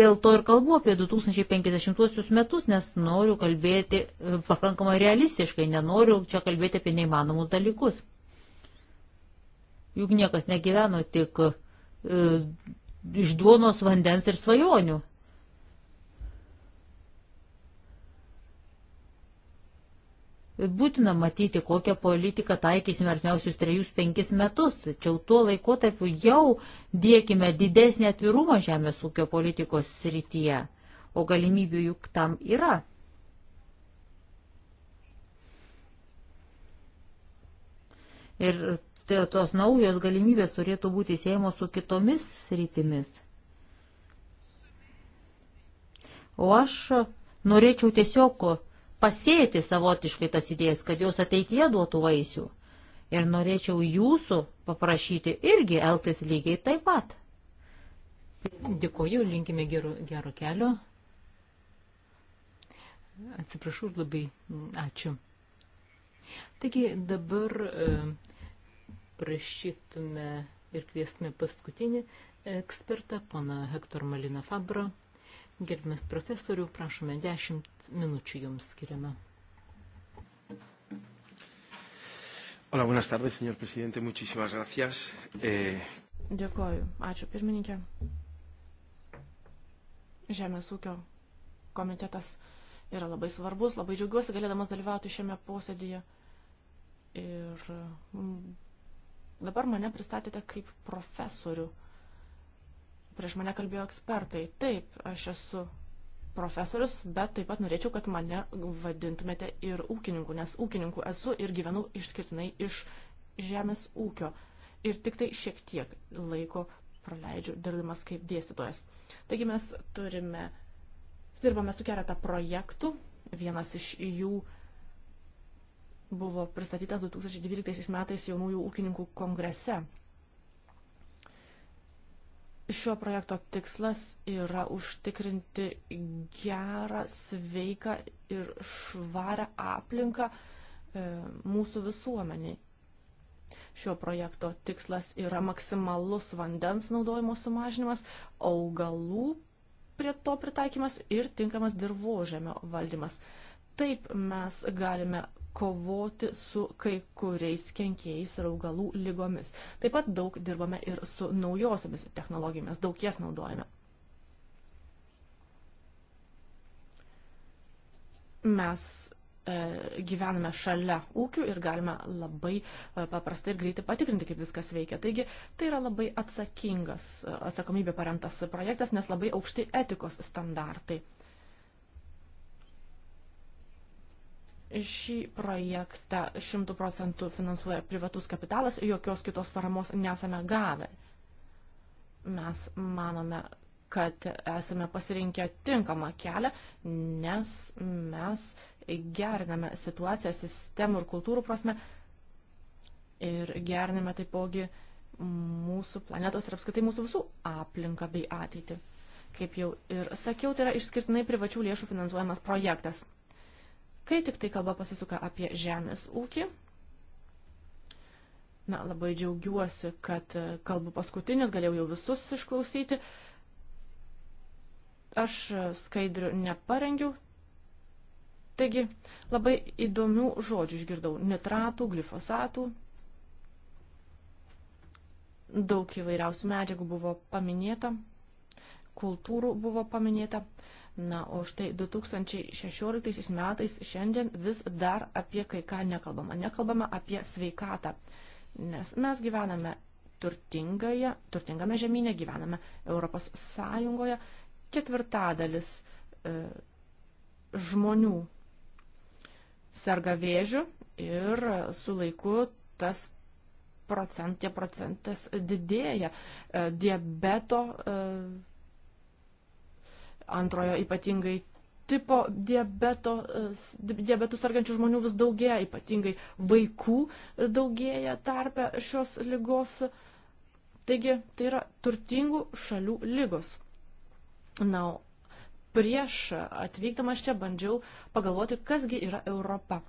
dėl to ir kalbu apie 2050 metus, nes noriu kalbėti e, pakankamai realistiškai, nenoriu čia kalbėti apie neįmanomus dalykus. Juk niekas negyveno tik e, iš duonos vandens ir svajonių. būtina matyti, kokią politiką taikysime artimiausius 3-5 metus. Tačiau tuo laikotarpiu jau dėkime didesnį atvirumą žemės ūkio politikos srityje, o galimybių juk tam yra. Ir tos naujos galimybės turėtų būti siejamos su kitomis sritimis. O aš norėčiau tiesiog pasėti savotiškai tas idėjas, kad jos ateityje duotų vaisių. Ir norėčiau jūsų paprašyti irgi elgtis lygiai taip pat. Dėkoju, linkime gero, gero kelio. Atsiprašau labai, ačiū. Taigi dabar e, prašytume ir kviestume paskutinį e, ekspertą, pana Hektor Malina Fabro. Gerbimas profesorių, prašome, 10 minučių jums skiriama. Hola, buenas tardes, señor presidente. Muchísimas gracias. Eh... Dėkoju. Ačiū, pirmininkė. Žemės ūkio komitetas yra labai svarbus. Labai džiaugiuosi galėdamas dalyvauti šiame posėdėje. Ir mm, dabar mane pristatėte kaip profesorių. Prieš mane kalbėjo ekspertai. Taip, aš esu profesorius, bet taip pat norėčiau, kad mane vadintumėte ir ūkininku, nes ūkininku esu ir gyvenu išskirtinai iš žemės ūkio. Ir tik tai šiek tiek laiko praleidžiu dirbdamas kaip dėstytojas. Taigi mes turime, dirbame su keletą projektų. Vienas iš jų buvo pristatytas 2012 metais jaunųjų ūkininkų kongrese. Šio projekto tikslas yra užtikrinti gerą, sveiką ir švarę aplinką e, mūsų visuomeniai. Šio projekto tikslas yra maksimalus vandens naudojimo sumažinimas, augalų prie to pritaikymas ir tinkamas dirbožėmio valdymas. Taip mes galime kovoti su kai kuriais kenkėjais ir augalų lygomis. Taip pat daug dirbame ir su naujosiamis technologijomis, daug jas naudojame. Mes e, gyvename šalia ūkių ir galime labai e, paprastai ir greitai patikrinti, kaip viskas veikia. Taigi tai yra labai atsakingas, e, atsakomybė paremtas projektas, nes labai aukšti etikos standartai. E, Šį projektą 100 procentų finansuoja privatus kapitalas, jokios kitos paramos nesame gavę. Mes manome, kad esame pasirinkę tinkamą kelią, nes mes geriname situaciją sistemų ir kultūrų prasme ir geriname taipogi mūsų planetos ir apskaitai mūsų visų aplinką bei ateitį. Kaip jau ir sakiau, tai yra išskirtinai privačių lėšų finansuojamas projektas. Kai tik tai kalba pasisuka apie žemės ūkį, na, labai džiaugiuosi, kad e, kalbu paskutinis, galėjau jau visus išklausyti. Aš e, skaidrių neparengiau, Taigi, labai įdomių žodžių išgirdau. Nitratų, glifosatų. Daug įvairiausių medžiagų buvo paminėta, kultūrų buvo paminėta. Na, o štai 2016 metais šiandien vis dar apie kai ką nekalbama. Nekalbama apie sveikatą, nes mes gyvename turtingame žemynė, gyvename Europos Sąjungoje. Ketvirtadalis e, žmonių serga vėžiu ir su laiku tas procent, tie procentas didėja. E, diabeto e, antrojo ypatingai tipo diabeto, diabetų sargančių žmonių vis daugėja, ypatingai vaikų daugėja tarpę šios lygos. Taigi tai yra turtingų šalių lygos. Na, prieš atvykdamas čia bandžiau pagalvoti, kasgi yra Europa.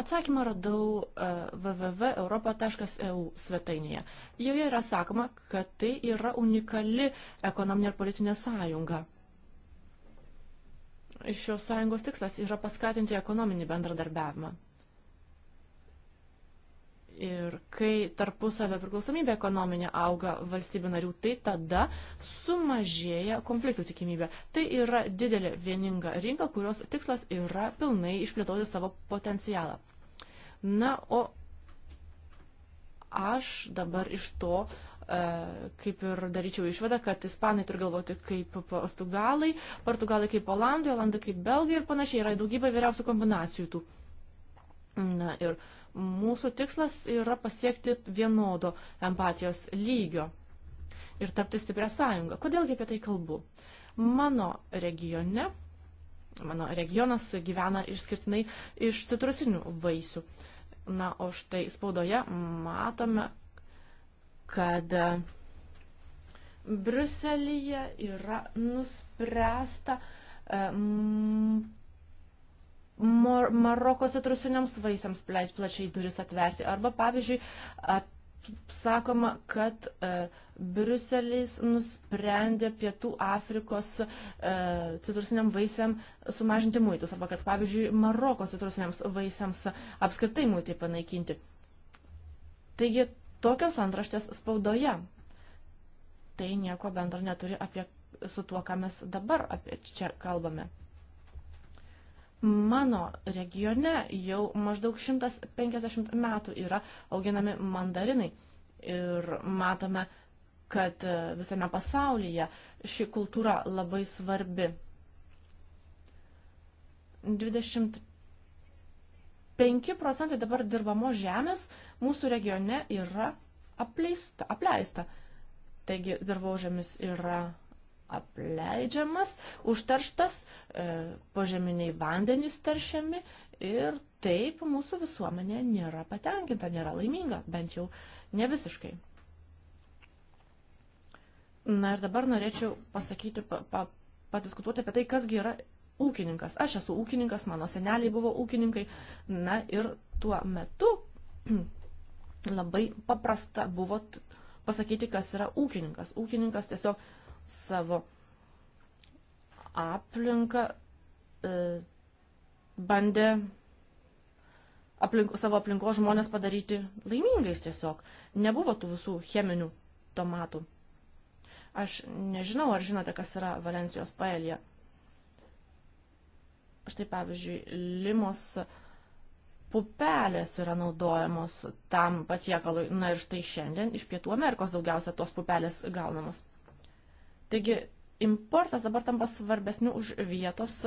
Atsakymą radau e, www.europa.eu svetainėje. Joje yra sakoma, kad tai yra unikali ekonominė ir politinė sąjunga. Šios sąjungos tikslas yra paskatinti ekonominį bendradarbiavimą. Ir kai tarpusavio priklausomybė ekonominė auga valstybių narių, tai tada sumažėja konfliktų tikimybė. Tai yra didelė vieninga rinka, kurios tikslas yra pilnai išplėtoti savo potencialą. Na, o aš dabar iš to uh, E, kaip ir daryčiau išvadą, kad ispanai turi galvoti kaip portugalai, portugalai kaip olandai, olandai kaip belgai ir panašiai. Yra daugybė vyriausių kombinacijų tų. Na ir mūsų tikslas yra pasiekti vienodo empatijos lygio ir tapti stiprią sąjungą. Kodėlgi apie tai kalbu? Mano regione, mano regionas gyvena išskirtinai iš citrusinių vaisių. Na, o štai spaudoje matome, kad e, Bruselėje yra nuspręsta e, Mar Maroko citrusiniams vaisiams plačiai duris atverti. Arba, pavyzdžiui, sakoma, kad e, Briuselis nusprendė Pietų Afrikos e, citrusiniam vaisiam sumažinti muitus. Arba, kad, pavyzdžiui, Maroko citrusiniams vaisiams apskritai muitai panaikinti. Taigi, Tokios antraštės spaudoje. Tai nieko bendro neturi apie, su tuo, ką mes dabar apie čia kalbame. Mano regione jau maždaug 150 metų yra auginami mandarinai ir matome, kad e, visame pasaulyje ši kultūra labai svarbi. 25 5 procentai dabar dirbamos žemės mūsų regione yra apleista. apleista. Taigi dirbožėmis yra apleidžiamas, užterštas, e, požeminiai vandenys teršiami ir taip mūsų visuomenė nėra patenkinta, nėra laiminga, bent jau ne visiškai. Na ir dabar norėčiau pasakyti, pa, pa, padiskutuoti apie tai, kasgi yra ūkininkas. Aš esu ūkininkas, mano seneliai buvo ūkininkai. Na ir tuo metu labai paprasta buvo pasakyti, kas yra ūkininkas. Ūkininkas tiesiog savo aplinką e, bandė aplink, savo aplinkos žmonės padaryti laimingais tiesiog. Nebuvo tų visų cheminių tomatų. Aš nežinau, ar žinote, kas yra Valencijos paelija. Štai pavyzdžiui, limos pupelės yra naudojamos tam patiekalui. Na ir štai šiandien iš Pietų Amerikos daugiausia tos pupelės gaunamos. Taigi importas dabar tampa svarbesniu už vietos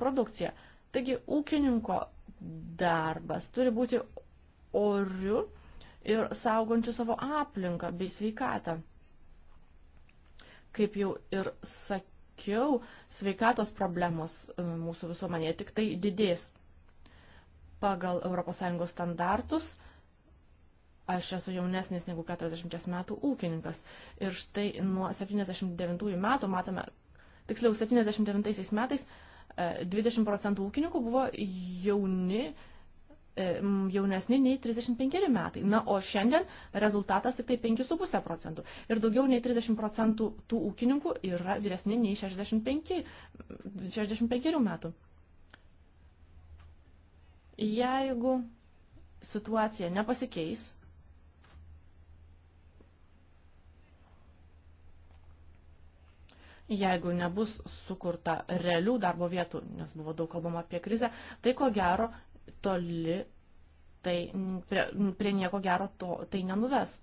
produkciją. Taigi ūkininko darbas turi būti oriu ir saugančiu savo aplinką bei sveikatą. Kaip jau ir sakiau, sakiau, sveikatos problemos e, mūsų visuomenėje tik tai didės. Pagal ES standartus aš esu jaunesnis negu 40 metų ūkininkas. Ir štai nuo 79 metų matome, tiksliau 79 metais 20 e, procentų ūkininkų buvo jauni E, jaunesni nei 35 metai. Na, o šiandien rezultatas tik tai 5,5 procentų. Ir daugiau nei 30 procentų tų ūkininkų yra vyresni nei 65, 65 metų. Jeigu situacija nepasikeis, jeigu nebus sukurta realių darbo vietų, nes buvo daug kalbama apie krizę, tai ko gero toli, tai prie, prie nieko gero to, tai nenuves.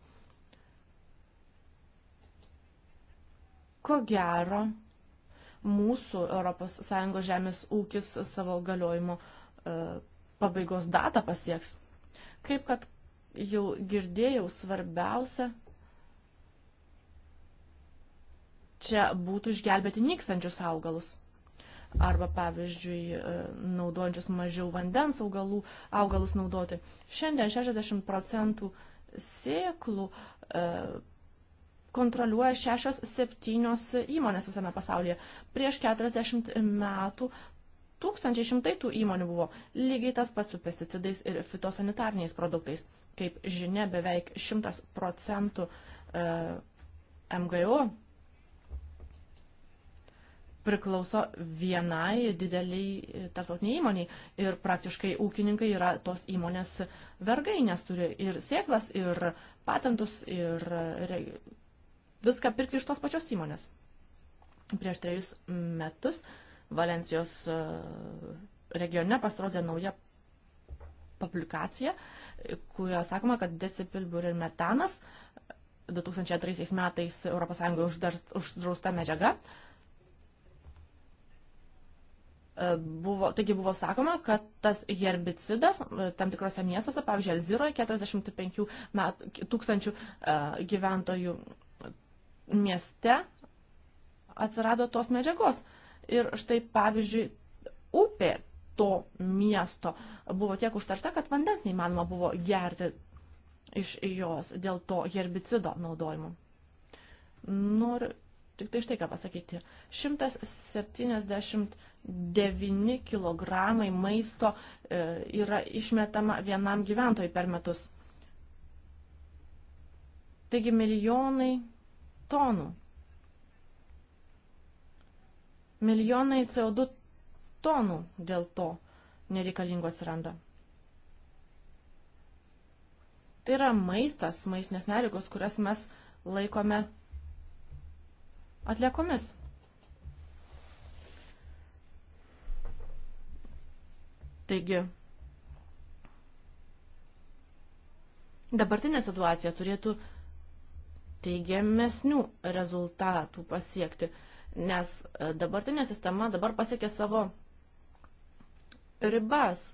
Ko gero, mūsų ES žemės ūkis savo galiojimo e, pabaigos datą pasieks. Kaip kad jau girdėjau, svarbiausia čia būtų išgelbėti nykstančius augalus arba, pavyzdžiui, e, naudojančius mažiau vandens augalų, augalus naudoti. Šiandien 60 procentų sėklų e, kontroliuoja 6-7 įmonės visame pasaulyje. Prieš 40 metų tūkstančiai šimtai tų įmonių buvo. Lygiai tas pats su pesticidais ir fitosanitarniais produktais. Kaip žinia, beveik 100 procentų e, MGO priklauso vienai dideliai e, tarptautiniai įmoniai ir praktiškai ūkininkai yra tos įmonės vergai, nes turi ir sėklas, ir patentus, ir e, viską pirkti iš tos pačios įmonės. Prieš trejus metus Valencijos e, regione pasirodė nauja publikacija, kurioje sakoma, kad decipilbur ir metanas 2003 metais ES uždrausta medžiaga E, buvo, taigi buvo sakoma, kad tas herbicidas e, tam tikrose miestuose, pavyzdžiui, Alziroje 45 met, tūkstančių e, gyventojų mieste atsirado tos medžiagos. Ir štai, pavyzdžiui, upė to miesto buvo tiek užteršta, kad vandens neįmanoma buvo gerti iš jos dėl to herbicido naudojimo. Noriu Tik tai štai ką pasakyti. 179 kg maisto e, yra išmetama vienam gyventojui per metus. Taigi milijonai tonų. Milijonai CO2 tonų dėl to nereikalingos randa. Tai yra maistas, maistinės medžiagos, kurias mes laikome atliekomis. Taigi, dabartinė situacija turėtų teigiamesnių rezultatų pasiekti, nes e, dabartinė sistema dabar pasiekė savo ribas.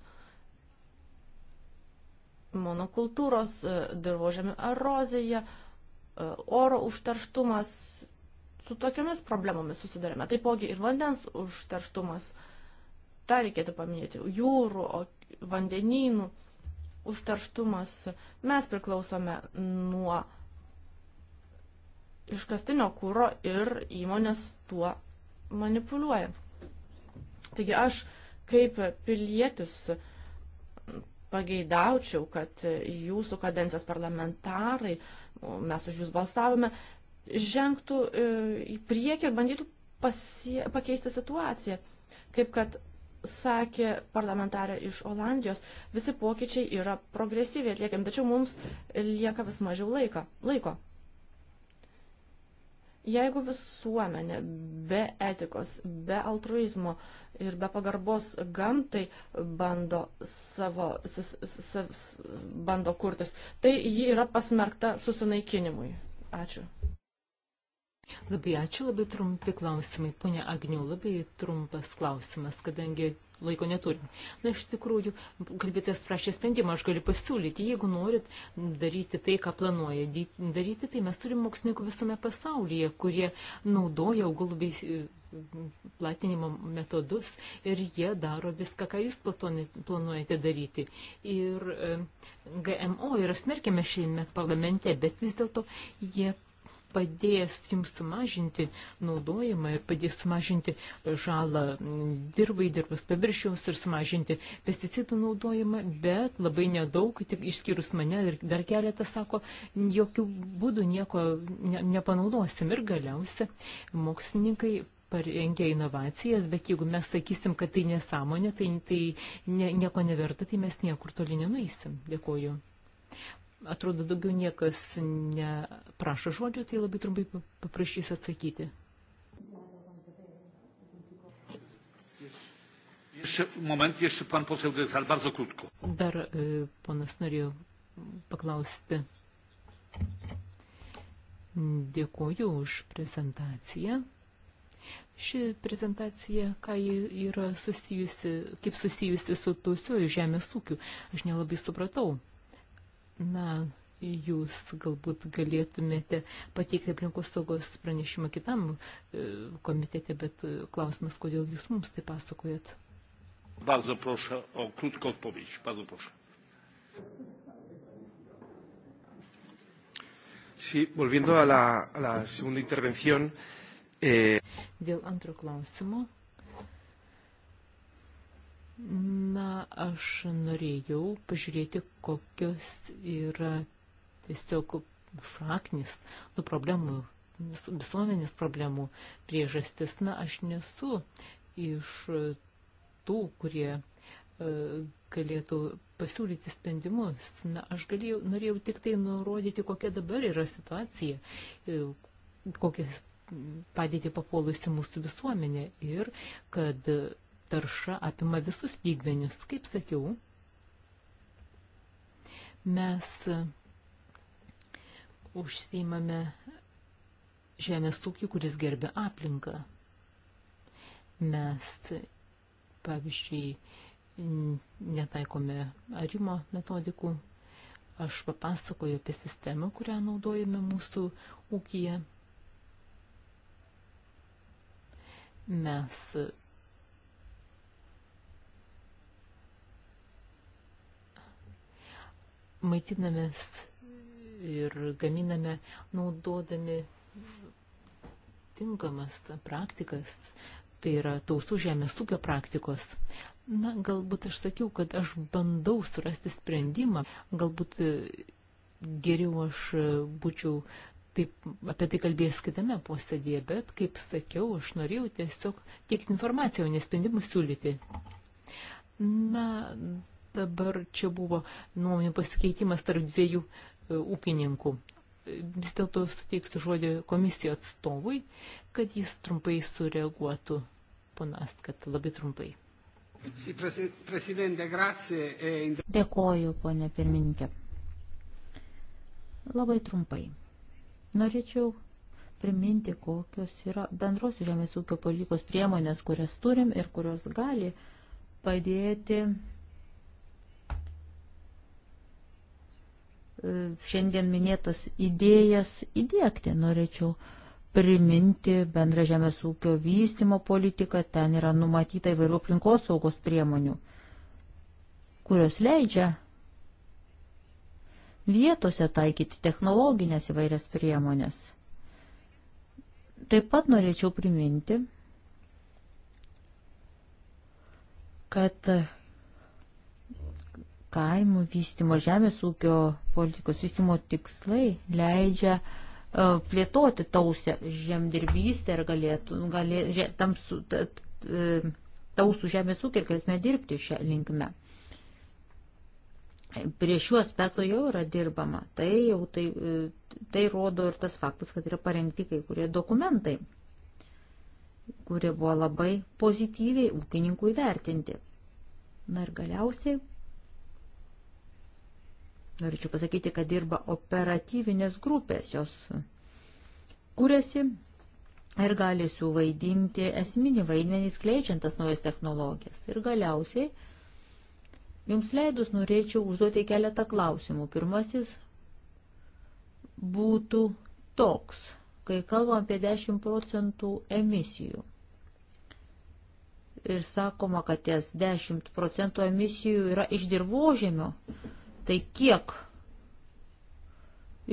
Monokultūros, e, dirbožėmių erozija, e, oro užterštumas, su tokiamis problemomis susidarėme. Taipogi ir vandens užterštumas, tą reikėtų paminėti, jūrų, vandenynų užterštumas. Mes priklausome nuo iškastinio kūro ir įmonės tuo manipuliuoja. Taigi aš kaip pilietis pageidaučiau, kad jūsų kadencijos parlamentarai, mes už jūs balsavome, žengtų e, į priekį ir bandytų pasie, pakeisti situaciją. Kaip kad sakė parlamentarė iš Olandijos, visi pokyčiai yra progresyviai atliekami, tačiau mums lieka vis mažiau laiko. laiko. Jeigu visuomenė be etikos, be altruizmo ir be pagarbos gamtai bando, savo, s, s, s, bando kurtis, tai ji yra pasmerkta susinaikinimui. Ačiū. Labai ačiū, labai trumpi klausimai. Pone Agniu, labai trumpas klausimas, kadangi laiko neturim. Na, iš tikrųjų, kalbėtės prašė sprendimą, aš galiu pasiūlyti, jeigu norit daryti tai, ką planuoja daryti, tai mes turim mokslininkų visame pasaulyje, kurie naudoja augalų bei e, platinimo metodus ir jie daro viską, ką jūs planuojate daryti. Ir e, GMO yra smerkiame šiame parlamente, bet vis dėlto jie padės jums sumažinti naudojimą ir padės sumažinti žalą dirbai, dirbus paviršiaus ir sumažinti pesticidų naudojimą, bet labai nedaug, tik išskyrus mane ir dar keletą sako, jokių būdų nieko ne, nepanaudosim ir galiausia mokslininkai parengia inovacijas, bet jeigu mes sakysim, kad tai nesąmonė, tai, tai ne, nieko neverta, tai mes niekur toli nenueisim. Dėkuoju atrodo, daugiau niekas neprašo žodžio, tai labai trumpai paprašysiu atsakyti. Moment, jeszcze pan poseł Gresal, bardzo krótko. Dar e, ponas norėjo paklausti. Dėkuoju už prezentaciją. Ši prezentacija, ką yra susijusi, kaip susijusi su tausiuoju žemės ūkiu, aš nelabai supratau na, jūs galbūt galėtumėte pateikti aplinkos saugos pranešimą kitam e, komitete, bet e, klausimas, kodėl jūs mums tai pasakojat? Bardzo proszę o krótką odpowiedź. Bardzo proszę. Sí, volviendo a la, a la segunda intervención. Eh... Dėl antro klausimo. Na, aš norėjau pažiūrėti, kokios yra tiesiog šaknis tų nu, problemų, visuomenės problemų priežastis. Na, aš nesu iš tų, kurie e, galėtų pasiūlyti sprendimus. Na, aš galėjau, norėjau tik tai nurodyti, kokia dabar yra situacija, e, kokias padėti papuolusi mūsų visuomenė ir kad tarša apima visus lygmenis. Kaip sakiau, mes užsiimame žemės ūkį, kuris gerbia aplinką. Mes, pavyzdžiui, netaikome arimo metodikų. Aš papasakoju apie sistemą, kurią naudojame mūsų ūkyje. Mes maitinamės ir gaminame naudodami tinkamas praktikas, tai yra tausų žemės ūkio praktikos. Na, galbūt aš sakiau, kad aš bandau surasti sprendimą, galbūt e, geriau aš būčiau taip apie tai kalbės kitame posėdėje, bet, kaip sakiau, aš norėjau tiesiog tiek informaciją, o ne sprendimus siūlyti. Na, Dabar čia buvo nuomonių pasikeitimas tarp dviejų e, ūkininkų. Vis dėlto suteiksiu žodį komisijos atstovui, kad jis trumpai sureaguotų. Ponas, kad labai trumpai. E Dėkoju, ponė pirmininkė. Labai trumpai. Norėčiau priminti, kokios yra bendros žemės ūkio politikos priemonės, kurias turim ir kurios gali padėti šiandien minėtas idėjas įdėkti. Norėčiau priminti bendrą žemės ūkio vystimo politiką, ten yra numatyta įvairių aplinkos saugos priemonių, kurios leidžia vietose taikyti technologinės įvairias priemonės. Taip pat norėčiau priminti, kad kaimų vystimo, žemės ūkio politikos vystimo tikslai leidžia uh, plėtoti tausią žemdirbystę ir galėtų, galė, že, tamsų, t, t, e, tausų žemės ūkį ir galėtume dirbti šią linkmę. Prie šių aspektų jau yra dirbama. Tai jau tai, e, tai rodo ir tas faktas, kad yra parengti kai kurie dokumentai, kurie buvo labai pozityviai ūkininkų įvertinti. Na ir galiausiai Norėčiau pasakyti, kad dirba operatyvinės grupės, jos kūrėsi ir gali suvaidinti esminį vaidmenį skleidžiant tas naujas technologijas. Ir galiausiai, jums leidus, norėčiau užduoti keletą klausimų. Pirmasis būtų toks, kai kalbam apie 10 procentų emisijų ir sakoma, kad ties 10 procentų emisijų yra iš dirbožėmio, tai kiek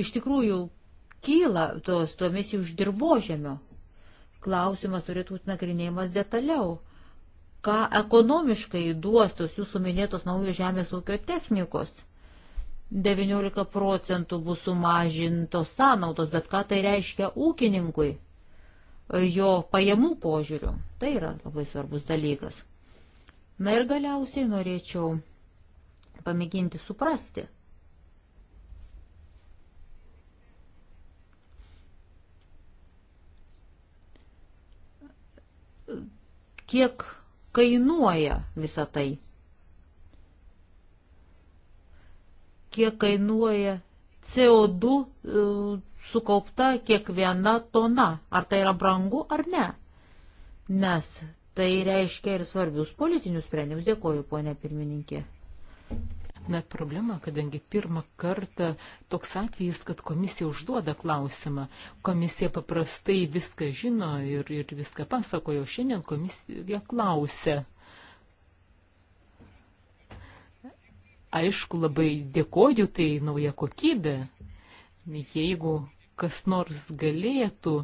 iš tikrųjų kyla tos tomis iš dirbožėmio. Klausimas turėtų būti nagrinėjimas detaliau. Ką ekonomiškai duos tos jūsų minėtos naujos žemės ūkio technikos? 19 procentų bus sumažintos sąnaudos, bet ką tai reiškia ūkininkui, jo pajamų požiūriu. Tai yra labai svarbus dalykas. Na ir galiausiai norėčiau pamėginti suprasti. Kiek kainuoja visa tai? Kiek kainuoja CO2 e, sukaupta kiekviena tona? Ar tai yra brangu ar ne? Nes tai reiškia ir svarbius politinius sprendimus. Dėkoju, ponė pirmininkė. Na, problema, kadangi pirmą kartą toks atvejis, kad komisija užduoda klausimą. Komisija paprastai viską žino ir, ir viską pasakojo. Šiandien komisija klausia. Aišku, labai dėkoju, tai nauja kokybė. Jeigu kas nors galėtų,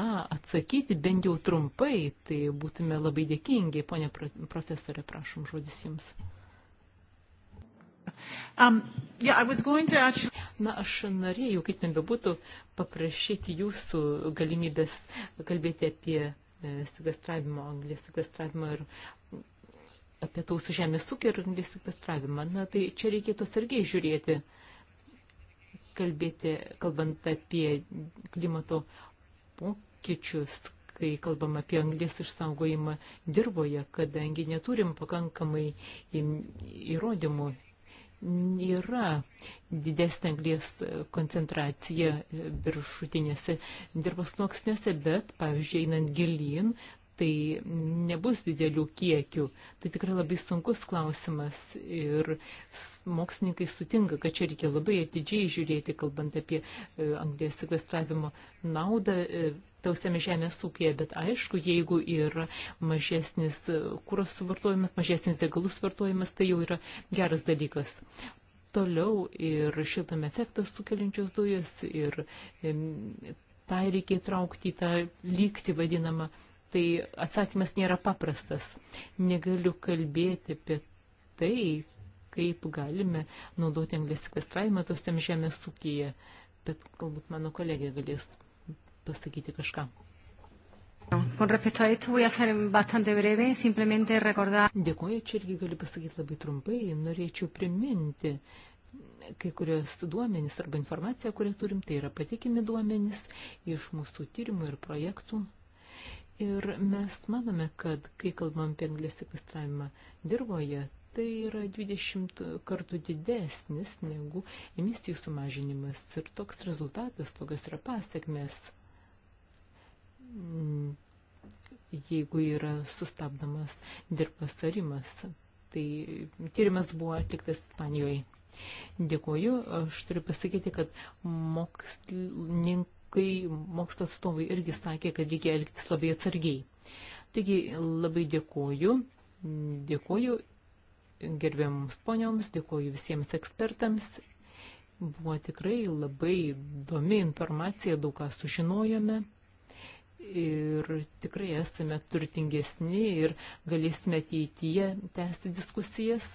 na, atsakyti bent jau trumpai, tai būtume labai dėkingi. Pone profesorė, prašom, žodis jums. Um, yeah, actually... Na, aš norėjau, kaip ten bebūtų, paprašyti jūsų galimybės kalbėti apie e, sekvestravimo, anglės sekvestravimo ir apie tausų žemės ūkį ir anglės sekvestravimą. Na, tai čia reikėtų sargiai žiūrėti, kalbėti, kalbant apie klimato pokyčius, kai kalbam apie anglės išsaugojimą dirboje, kadangi neturim pakankamai įrodymų yra didesnė anglies koncentracija viršutinėse dirbos sluoksniuose, bet, pavyzdžiui, einant gilyn, tai nebus didelių kiekių. Tai tikrai labai sunkus klausimas ir mokslininkai sutinka, kad čia reikia labai atidžiai žiūrėti, kalbant apie e, anglės sekvestravimo naudą e, tausiame žemės ūkėje, bet aišku, jeigu yra mažesnis kūros suvartojimas, mažesnis degalų suvartojimas, tai jau yra geras dalykas. Toliau ir šiltam efektą sukeliančios dujos ir tai reikia įtraukti į tą lygti vadinamą. Tai atsakymas nėra paprastas. Negaliu kalbėti apie tai, kaip galime naudoti anglės sekvestravimą tosiam žemės ūkyje. Bet galbūt mano kolegė galės pasakyti kažką. Dėkuoju, čia irgi galiu pasakyti labai trumpai. Norėčiau priminti, kai kurios duomenys arba informacija, kurią turim, tai yra patikimi duomenys iš mūsų tyrimų ir projektų. Ir mes manome, kad kai kalbam apie anglės sekvestravimą dirboje, tai yra 20 kartų didesnis negu emisijų sumažinimas. Ir toks rezultatas, tokios yra pasiekmes. Mm, jeigu yra sustabdamas dirbtas tarimas. Tai tyrimas buvo atliktas Ispanijoje. Dėkuoju, aš turiu pasakyti, kad mokslininkai, mokslo atstovai irgi sakė, kad reikia elgtis labai atsargiai. Taigi labai dėkuoju, dėkuoju gerbiamums ponioms, dėkuoju visiems ekspertams. Buvo tikrai labai įdomi informacija, daug ką sužinojome ir tikrai esame turtingesni ir galėsime ateityje tęsti diskusijas.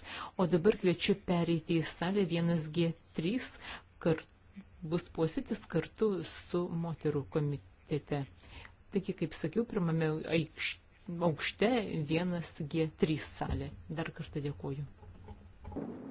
O dabar kviečiu pereiti į salę 1G3, kar, bus posėtis kartu su moterų komitete. Taigi, kaip sakiau, pirmame aukšte 1G3 salė. Dar kartą dėkoju. Thank you.